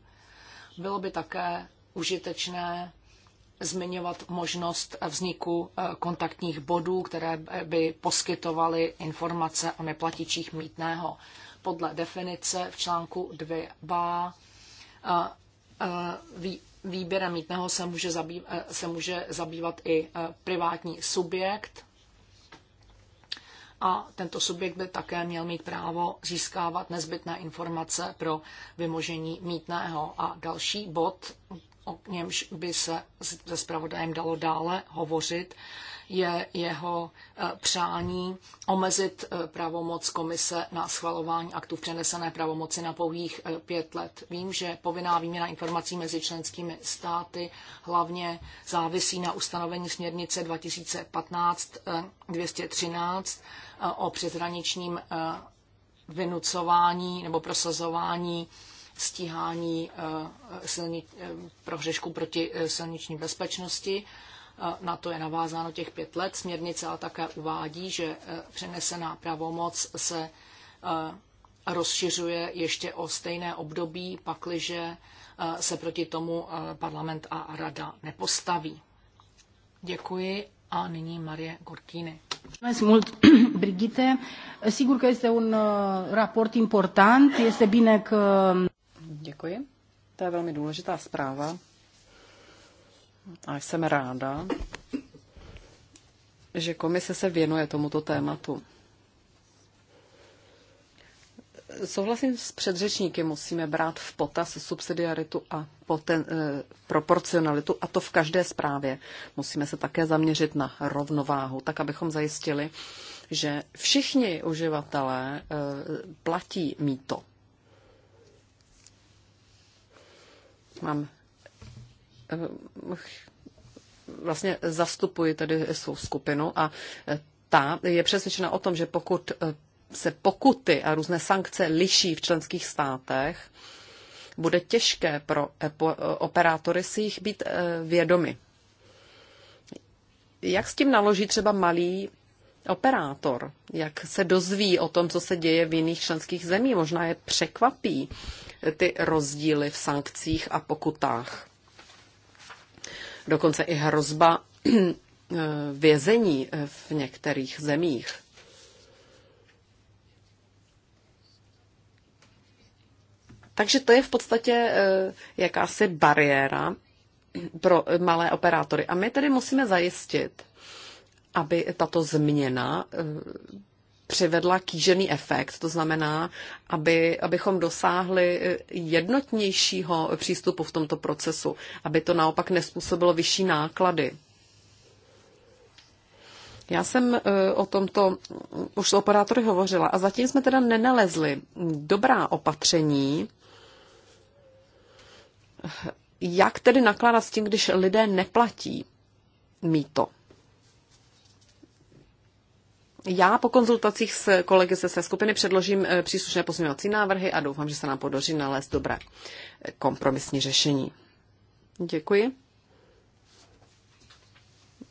Bylo by také užitečné zmiňovat možnost vzniku e, kontaktních bodů, které by poskytovaly informace o neplatičích mítného podle definice v článku 2b výběrem mítného se může, zabývat, e, se může zabývat i e, privátní subjekt. A tento subjekt by také měl mít právo získávat nezbytné informace pro vymožení mítného. A další bod, o němž by se se zpravodajem dalo dále hovořit, je jeho eh, přání omezit eh, pravomoc komise na schvalování aktů v přenesené pravomoci na pouhých eh, pět let. Vím, že povinná výměna informací mezi členskými státy hlavně závisí na ustanovení směrnice 2015-213 o přeshraničním vynucování nebo prosazování stíhání eh, silni, eh, prohřešků proti eh, silniční bezpečnosti. Na to je navázáno těch pět let. Směrnice ale také uvádí, že přenesená pravomoc se rozšiřuje ještě o stejné období, pakliže se proti tomu parlament a rada nepostaví. Děkuji a nyní Marie Gorkiny. Mulțumesc mult, [clears throat] Brigitte. Sigur că este un raport important. Este bine că Děkuji. To je velmi důležitá zpráva. A jsem ráda, že komise se věnuje tomuto tématu. Souhlasím s předřečníky, musíme brát v potaz subsidiaritu a poten, e, proporcionalitu, a to v každé zprávě. Musíme se také zaměřit na rovnováhu, tak abychom zajistili, že všichni uživatelé e, platí mýto. Mám eh, vlastně zastupuji tady svou skupinu a eh, ta je přesvědčena o tom, že pokud eh, se pokuty a různé sankce liší v členských státech, bude těžké pro operátory si jich být vědomi. Jak s tím naloží třeba malý operátor, jak se dozví o tom, co se děje v jiných členských zemích, Možná je překvapí ty rozdíly v sankcích a pokutách. Dokonce i hrozba eh, vězení eh, v některých zemích. Takže to je v podstatě eh, jakási bariéra pro malé operátory. A my tedy musíme zajistit, aby tato změna eh, přivedla kýžený efekt, to znamená, aby, abychom dosáhli eh, jednotnějšího přístupu v tomto procesu, aby to naopak nespůsobilo vyšší náklady. Já jsem eh, o tomto mm, už s operátory hovořila a zatím jsme teda nenalezli dobrá opatření, jak tedy nakládat s tím, když lidé neplatí mýto. Já po konzultacích s kolegy ze své skupiny předložím eh, příslušné pozměňovací návrhy a doufám, že se nám podaří nalézt dobré eh, kompromisní řešení. Děkuji.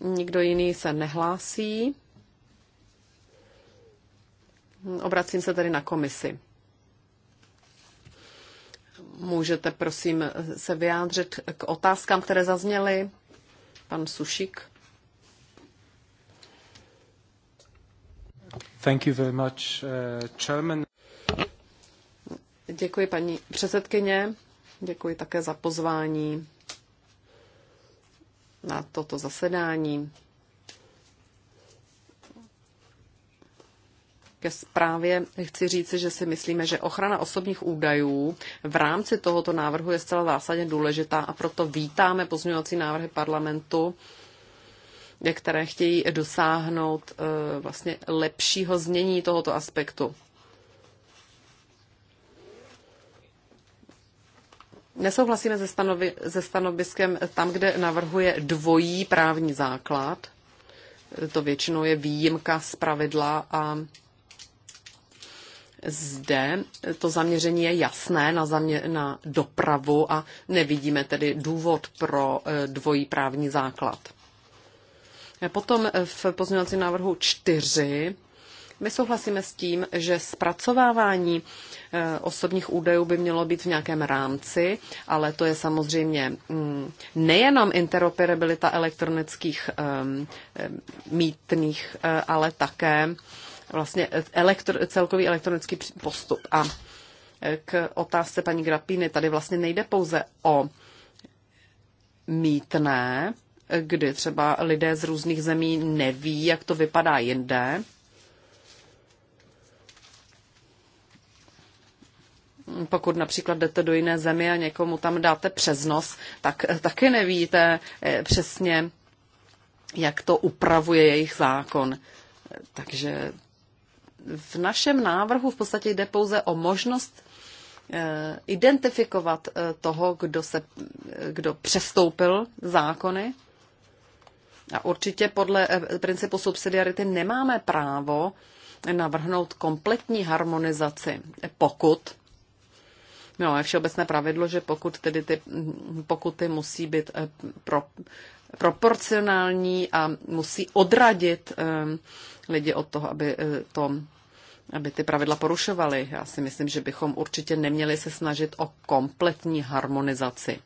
Nikdo jiný se nehlásí. Obracím se tedy na komisi. Můžete prosím se vyjádřit k otázkám, které zazněly. Pan Sušik. Uh, děkuji paní předsedkyně, děkuji také za pozvání na toto zasedání ke zprávě chci říci, že si myslíme, že ochrana osobních údajů v rámci tohoto návrhu je zcela zásadně důležitá a proto vítáme pozměňovací návrhy parlamentu, které chtějí dosáhnout eh, vlastně lepšího znění tohoto aspektu. Nesouhlasíme se, stanovi, se stanoviskem tam, kde navrhuje dvojí právní základ. To většinou je výjimka z pravidla a zde to zaměření je jasné na, zamě, na dopravu a nevidíme tedy důvod pro eh, dvojí právní základ. Potom v pozměňovacím návrhu 4 my souhlasíme s tím, že zpracovávání e, osobních údajů by mělo být v nějakém rámci, ale to je samozřejmě mm, nejenom interoperabilita elektronických mítných, e, ale také vlastně elektro, celkový elektronický postup. A e, k otázce paní Grapíny tady vlastně nejde pouze o mítné, kdy třeba lidé z různých zemí neví, jak to vypadá jinde. Pokud například jdete do jiné země a někomu tam dáte přes nos, tak taky nevíte eh, přesně, jak to upravuje jejich zákon. Takže v našem návrhu v podstatě jde pouze o možnost eh, identifikovat eh, toho, kdo, se, kdo přestoupil zákony. A určitě podle eh, principu subsidiarity nemáme právo navrhnout kompletní harmonizaci, pokud No, je všeobecné pravidlo, že pokud tedy ty mm, pokuty musí být eh, pro, proporcionální a musí odradit eh, lidi od toho, aby, to, aby ty pravidla porušovali. Já si myslím, že bychom určitě neměli se snažit o kompletní harmonizaci.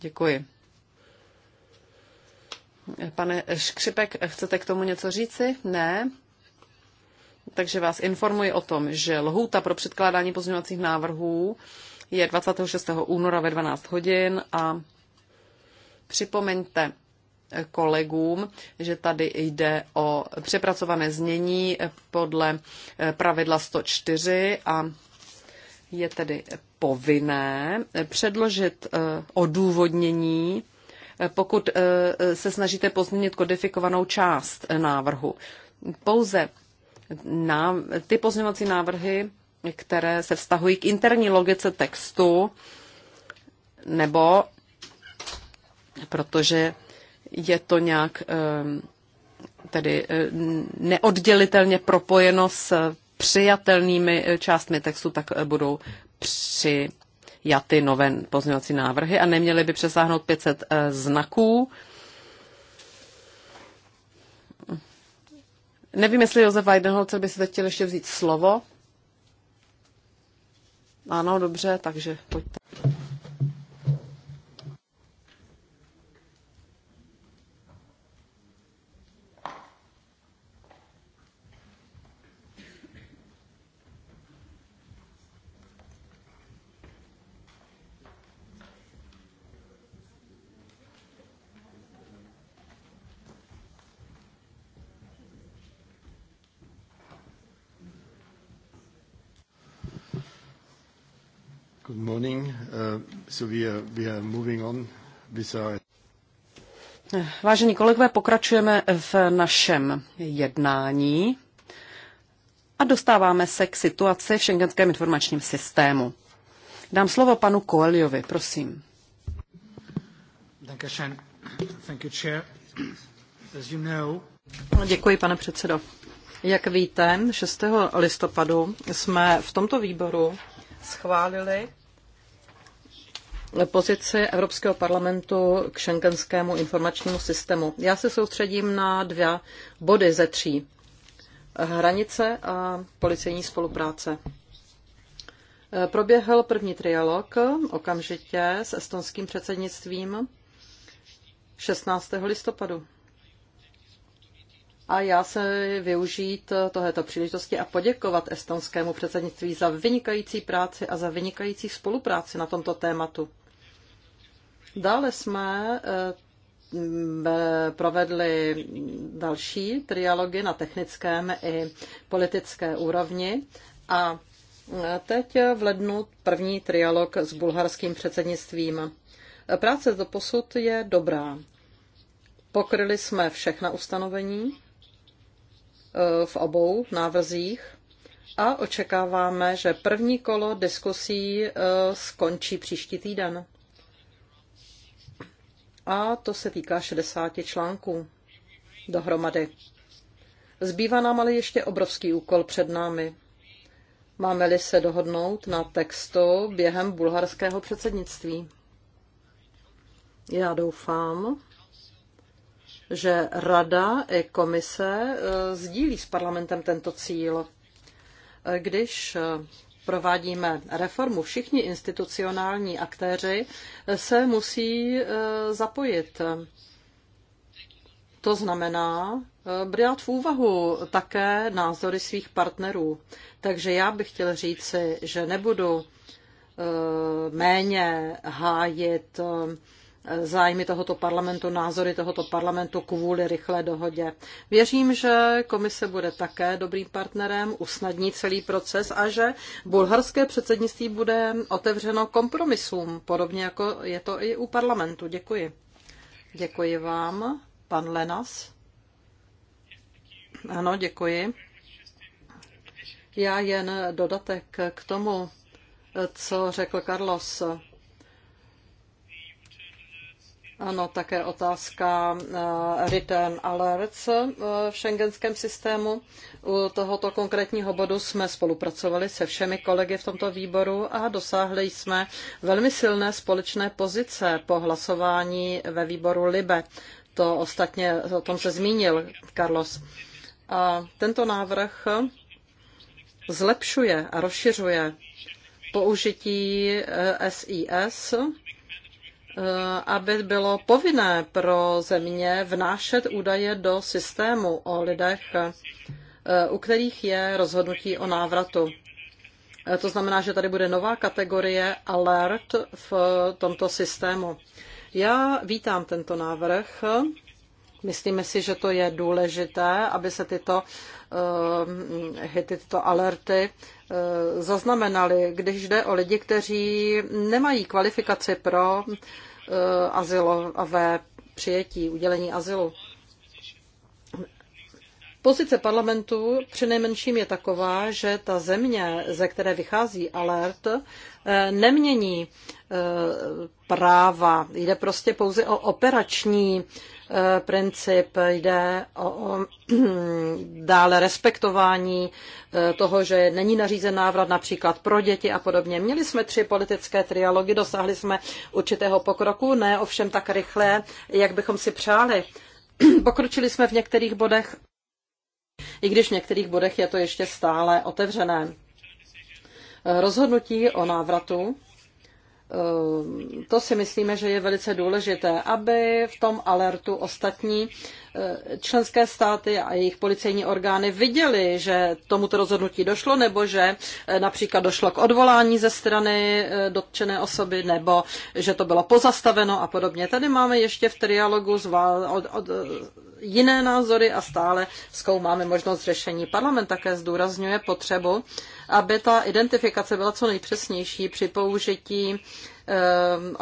Děkuji. Pane Škřipek, chcete k tomu něco říci? Ne? Takže vás informuji o tom, že lhůta pro předkládání pozměňovacích návrhů je 26. února ve 12 hodin a připomeňte kolegům, že tady jde o přepracované znění podle pravidla 104 a je tedy povinné předložit eh, odůvodnění, eh, pokud eh, se snažíte pozměnit kodifikovanou část návrhu. Pouze na ty pozměňovací návrhy, které se vztahují k interní logice textu, nebo protože je to nějak tedy neoddělitelně propojeno s přijatelnými eh, částmi textu, tak eh, budou přijaty nové pozměňovací návrhy a neměly by přesáhnout 500 eh, znaků. Nevím, jestli Josef Weidenholzer by se teď chtěl ještě vzít slovo. Ano, dobře, takže pojďte. Good morning. Uh, we are moving on with our... Vážení kolegové, pokračujeme v našem jednání a dostáváme se k situaci v šengenském informačním systému. Dám slovo panu Koeliovi, prosím. Děkuji, pane předsedo. Jak víte, 6. listopadu jsme v tomto výboru schválili pozici Evropského parlamentu k šengenskému informačnímu systému. Já se soustředím na dva body ze tří. Hranice a policejní spolupráce. Proběhl první trialog okamžitě s estonským předsednictvím 16. listopadu a já se využít tohoto příležitosti a poděkovat estonskému předsednictví za vynikající práci a za vynikající spolupráci na tomto tématu. Dále jsme eh, provedli další trialogy na technickém i politické úrovni a eh, teď v lednu první trialog s bulharským předsednictvím. Práce do posud je dobrá. Pokryli jsme všechna ustanovení, v obou návrzích a očekáváme, že první kolo diskusí e, skončí příští týden. A to se týká 60 článků dohromady. Zbývá nám ale ještě obrovský úkol před námi. Máme-li se dohodnout na textu během bulharského předsednictví? Já doufám, že Rada i komise e, sdílí s parlamentem tento cíl. E, když e, provádíme reformu, všichni institucionální aktéři se musí zapojit. To znamená brát v úvahu také názory svých partnerů. Takže já bych chtěl říci, že nebudu méně hájit zájmy tohoto parlamentu, názory tohoto parlamentu kvůli rychlé dohodě. Věřím, že komise bude také dobrým partnerem, usnadní celý proces a že bulharské předsednictví bude otevřeno kompromisům, podobně jako je to i u parlamentu. Děkuji. Děkuji vám, pan Lenas. Ano, děkuji. Já jen dodatek k tomu, co řekl Carlos. Ano, také otázka eh, return alerts eh, v šengenském systému. U tohoto konkrétního bodu jsme spolupracovali se všemi kolegy v tomto výboru a dosáhli jsme velmi silné společné pozice po hlasování ve výboru LIBE. To ostatně o tom se zmínil Carlos. A tento návrh zlepšuje a rozšiřuje použití SIS eh, Eh, aby bylo povinné pro země vnášet údaje do systému o lidech, eh, u kterých je rozhodnutí o návratu. Eh, to znamená, že tady bude nová kategorie alert v tomto systému. Já vítám tento návrh. Myslíme si, že to je důležité, aby se tyto, tyto alerty zaznamenaly, když jde o lidi, kteří nemají kvalifikaci pro Eh, azylové přijetí, udělení azylu. Pozice parlamentu přinejmenším je taková, že ta země, ze které vychází alert, eh, nemění eh, práva. Jde prostě pouze o operační Eh, princip, jde o, o [clears throat] dále respektování eh, toho, že není nařízen návrat například pro děti a podobně. Měli jsme tři politické trialogy, dosáhli jsme určitého pokroku, ne ovšem tak rychle, jak bychom si přáli. [clears throat] Pokročili jsme v některých bodech, i když v některých bodech je to ještě stále otevřené. Eh, rozhodnutí o návratu Eh, to si myslíme, že je velice důležité, aby v tom alertu ostatní eh, členské státy a jejich policejní orgány viděli, že tomuto rozhodnutí došlo, nebo že eh, například došlo k odvolání ze strany dotčené osoby, nebo že to bylo pozastaveno a podobně. Tady máme ještě v trialogu zvá... od, od, jiné názory a stále zkoumáme možnost řešení. Parlament také zdůrazňuje potřebu aby ta identifikace byla co nejpřesnější při použití eh,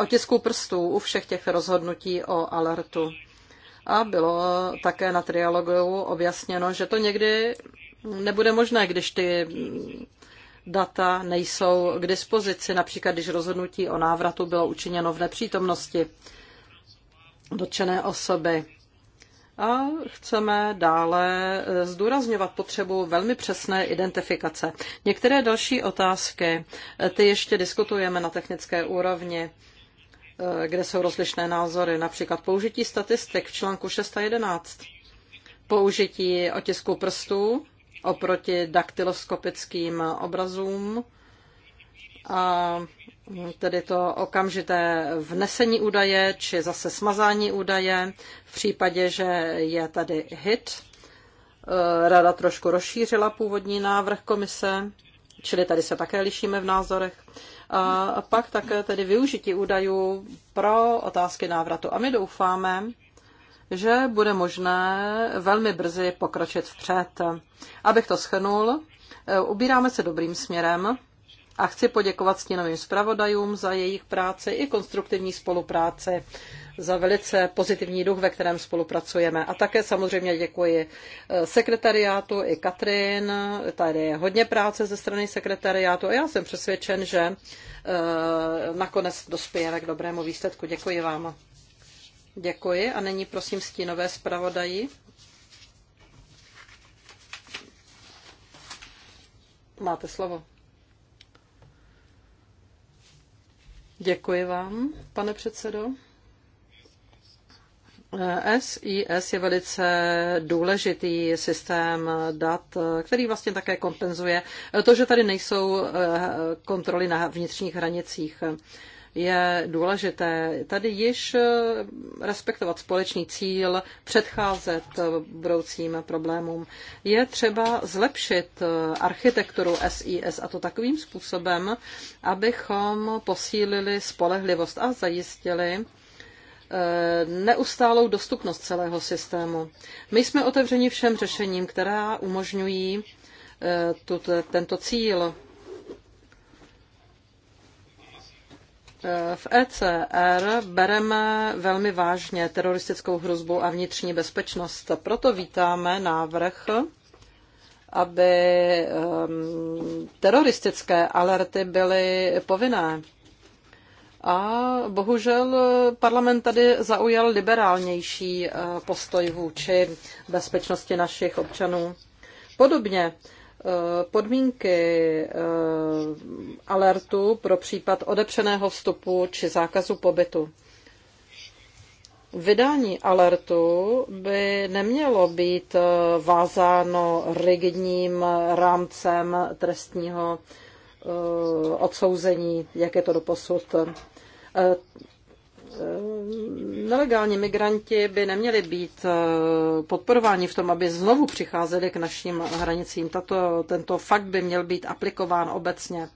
otisků prstů u všech těch rozhodnutí o alertu. A bylo také na trialogu objasněno, že to někdy nebude možné, když ty data nejsou k dispozici, například když rozhodnutí o návratu bylo učiněno v nepřítomnosti dotčené osoby a chceme dále eh, zdůrazňovat potřebu velmi přesné identifikace. Některé další otázky, eh, ty ještě diskutujeme na technické úrovni eh, kde jsou rozlišné názory, například použití statistik v článku 6 a 11, použití otisků prstů oproti daktyloskopickým obrazům a tedy to okamžité vnesení údaje či zase smazání údaje v případě, že je tady hit. Eh, Rada trošku rozšířila původní návrh komise, čili tady se také lišíme v názorech. A pak také tedy využití údajů pro otázky návratu. A my doufáme, že bude možné velmi brzy pokročit vpřed. Abych to schrnul, eh, ubíráme se dobrým směrem a chci poděkovat stěnovým zpravodajům za jejich práci i konstruktivní spolupráci, za velice pozitivní duch, ve kterém spolupracujeme. A také samozřejmě děkuji eh, sekretariátu i Katrin. Tady je hodně práce ze strany sekretariátu a já jsem přesvědčen, že eh, nakonec dospějeme k dobrému výsledku. Děkuji vám. Děkuji a nyní prosím stínové zpravodaji. Máte slovo. Děkuji vám, pane předsedo. SIS eh, je velice důležitý systém dat, který vlastně také kompenzuje to, že tady nejsou eh, kontroly na vnitřních hranicích je důležité tady již eh, respektovat společný cíl, předcházet eh, budoucím problémům. Je třeba zlepšit eh, architekturu SIS a to takovým způsobem, abychom posílili spolehlivost a zajistili, neustálou dostupnost celého systému. My jsme otevřeni všem řešením, která umožňují tuto, tento cíl. Eh, v ECR bereme velmi vážně teroristickou hrozbu a vnitřní bezpečnost. Proto vítáme návrh, aby ehm, teroristické alerty byly povinné. A bohužel parlament tady zaujal liberálnější eh, postoj vůči bezpečnosti našich občanů. Podobně Eh, podmínky eh, alertu pro případ odepřeného vstupu či zákazu pobytu. Vydání alertu by nemělo být eh, vázáno rigidním rámcem trestního odsouzení, jak je to doposud. Eh, nelegální migranti by neměli být eh, podporováni v tom, aby znovu přicházeli k našim hranicím. Tato, tento fakt by měl být aplikován obecně.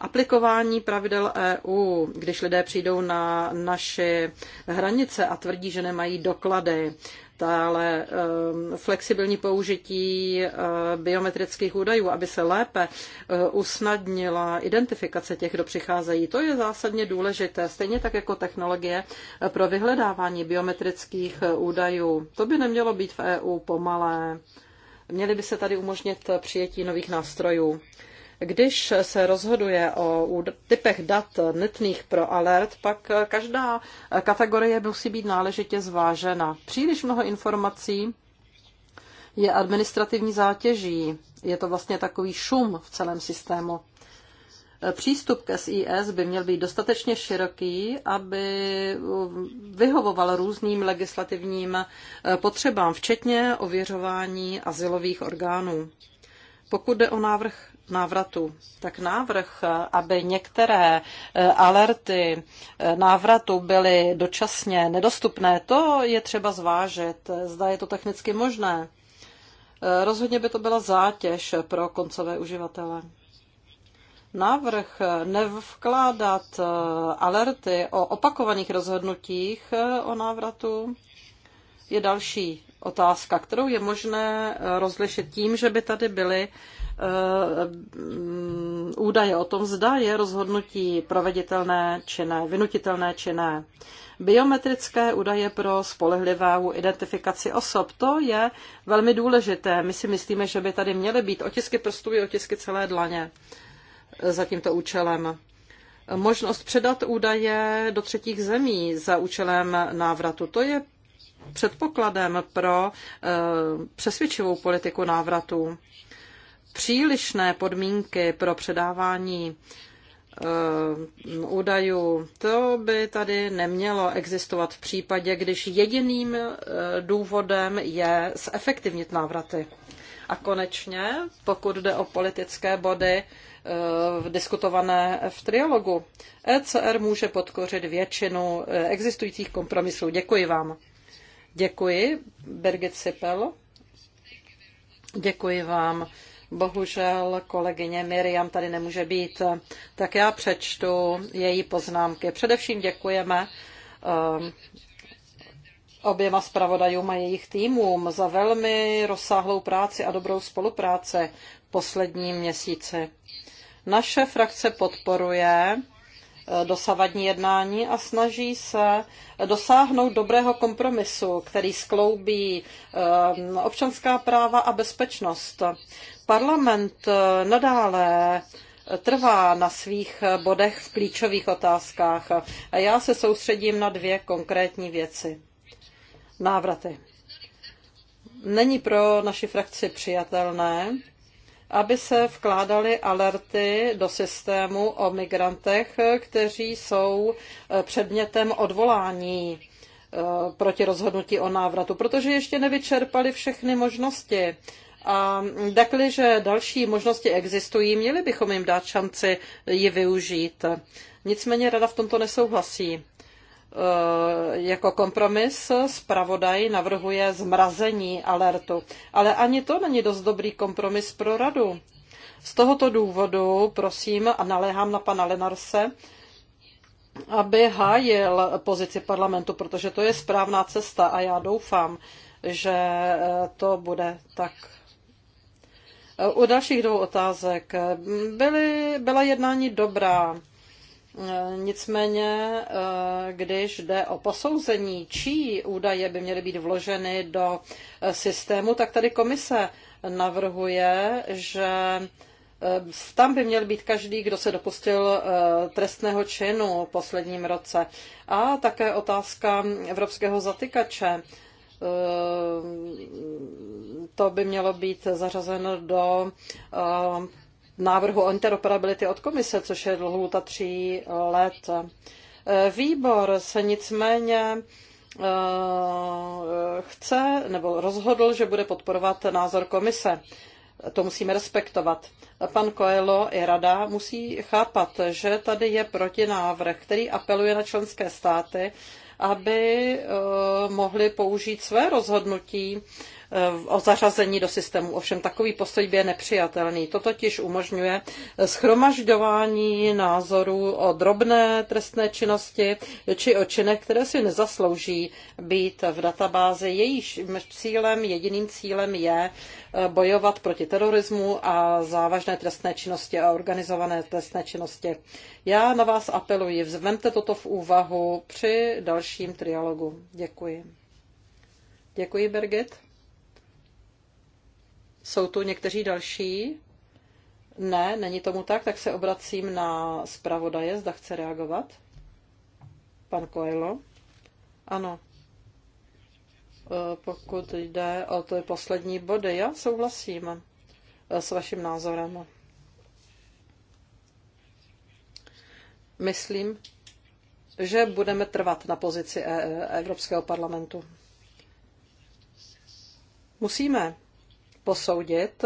Aplikování pravidel EU, když lidé přijdou na naše hranice a tvrdí, že nemají doklady, dále ehm, flexibilní použití eh, biometrických údajů, aby se lépe eh, usnadnila identifikace těch, kdo přicházejí. To je zásadně důležité, stejně tak jako technologie eh, pro vyhledávání biometrických údajů. To by nemělo být v EU pomalé. Měly by se tady umožnit přijetí nových nástrojů. Když se rozhoduje o typech dat nutných pro alert, pak každá kategorie musí být náležitě zvážena. Příliš mnoho informací je administrativní zátěží. Je to vlastně takový šum v celém systému. Přístup k SIS by měl být dostatečně široký, aby vyhovoval různým legislativním eh, potřebám, včetně ověřování asilových orgánů. Pokud jde o návrh návratu. Tak návrh, aby některé eh, alerty eh, návratu byly dočasně nedostupné, to je třeba zvážit. Zda je to technicky možné. Eh, rozhodně by to byla zátěž pro koncové uživatele. Návrh nevkládat alerty o opakovaných rozhodnutích o návratu je další otázka, kterou je možné rozlišit tím, že by tady byly Eh, údaje o tom, zda je rozhodnutí proveditelné či ne, vynutitelné či ne. Biometrické údaje pro spolehlivou identifikaci osob, to je velmi důležité. My si myslíme, že by tady měly být otisky prstů i otisky celé dlaně za tímto účelem. Možnost předat údaje do třetích zemí za účelem návratu, to je předpokladem pro eh, přesvědčivou politiku návratu přílišné podmínky pro předávání eh, údajů, to by tady nemělo existovat v případě, když jediným eh, důvodem je zefektivnit návraty. A konečně, pokud jde o politické body eh, diskutované v trialogu, ECR může podkořit většinu existujících kompromisů. Děkuji vám. Děkuji, Birgit Sipel. Děkuji vám Bohužel kolegyně Miriam tady nemůže být, tak já přečtu její poznámky. Především děkujeme ehm, oběma zpravodajům a jejich týmům za velmi rozsáhlou práci a dobrou spolupráci v posledním měsíci. Naše frakce podporuje eh, dosavadní jednání a snaží se dosáhnout dobrého kompromisu, který skloubí ehm, občanská práva a bezpečnost. Parlament eh, nadále eh, trvá na svých eh, bodech v klíčových otázkách a já se soustředím na dvě konkrétní věci. Návraty. Není pro naši frakci přijatelné, aby se vkládaly alerty do systému o migrantech, kteří jsou předmětem odvolání proti rozhodnutí o návratu, protože ještě nevyčerpali všechny možnosti a že další možnosti existují, měli bychom jim dát šanci ji využít. Nicméně rada v tomto nesouhlasí. E, jako kompromis zpravodaj navrhuje zmrazení alertu, ale ani to není dost dobrý kompromis pro radu. Z tohoto důvodu prosím a naléhám na pana Lenarse, aby hájil pozici parlamentu, protože to je správná cesta a já doufám, že to bude tak Eh, u dalších dvou otázek byly, byla jednání dobrá. Eh, nicméně, eh, když jde o posouzení, čí údaje by měly být vloženy do systému, tak tady komise navrhuje, že tam by měl být každý, kdo se dopustil trestného činu v posledním roce. A také otázka evropského zatykače. Ehm, to by mělo být zařazeno do ehm, návrhu o interoperability od komise, což je lhůta tří let. Ehm, výbor se nicméně chce nebo rozhodl, že bude podporovat názor komise. To musíme respektovat. Pan Coelho i rada musí chápat, že tady je protinávrh, který apeluje na členské státy, aby eh, mohli použít své rozhodnutí o zařazení do systému. Ovšem takový postoj je nepřijatelný. To totiž umožňuje schromažďování názorů o drobné trestné činnosti či o činech, které si nezaslouží být v databázi. Jejíž cílem, jediným cílem je eh, bojovat proti terorismu a závažné trestné činnosti a organizované trestné činnosti. Já na vás apeluji, vzvemte toto v úvahu při dalším trialogu. Děkuji. Děkuji, Birgit. Jsou tu někteří další? Ne, není tomu tak, tak se obracím na zpravodaje, zda chce reagovat. Pan Koelo. Ano. E, pokud jde o ty poslední body, já souhlasím e, s vaším názorem. Myslím, že budeme trvat na pozici e, Evropského parlamentu. Musíme posoudit,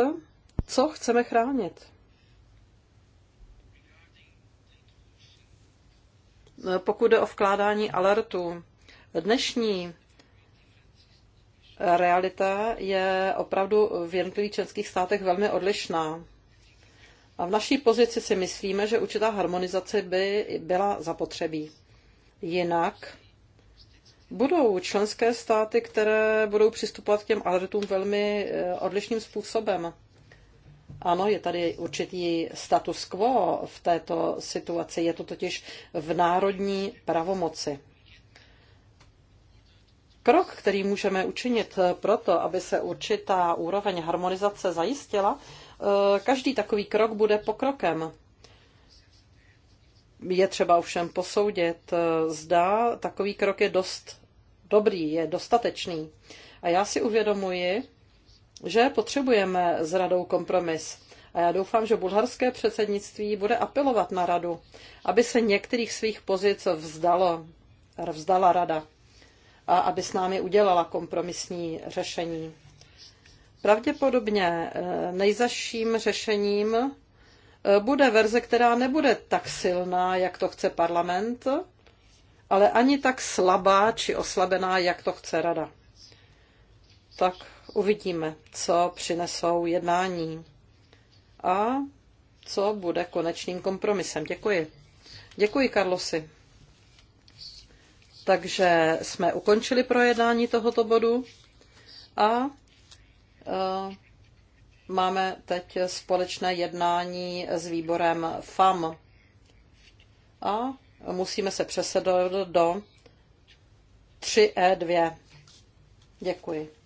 co chceme chránit. Pokud jde o vkládání alertů, dnešní realita je opravdu v jednotlivých členských státech velmi odlišná. A v naší pozici si myslíme, že určitá harmonizace by byla zapotřebí. Jinak Budou členské státy, které budou přistupovat k těm alertům velmi eh, odlišným způsobem. Ano, je tady určitý status quo v této situaci. Je to totiž v národní pravomoci. Krok, který můžeme učinit eh, proto, aby se určitá úroveň harmonizace zajistila, eh, každý takový krok bude pokrokem. Je třeba ovšem posoudit, eh, zda takový krok je dost dobrý, je dostatečný. A já si uvědomuji, že potřebujeme s radou kompromis. A já doufám, že bulharské předsednictví bude apelovat na radu, aby se některých svých pozic vzdalo, vzdala rada a aby s námi udělala kompromisní řešení. Pravděpodobně eh, nejzaším řešením bude verze, která nebude tak silná, jak to chce parlament, ale ani tak slabá či oslabená, jak to chce rada. Tak uvidíme, co přinesou jednání a co bude konečným kompromisem. Děkuji. Děkuji, Karlosi. Takže jsme ukončili projednání tohoto bodu a eh, Máme teď společné jednání s výborem FAM a musíme se přesedovat do 3E2. Děkuji.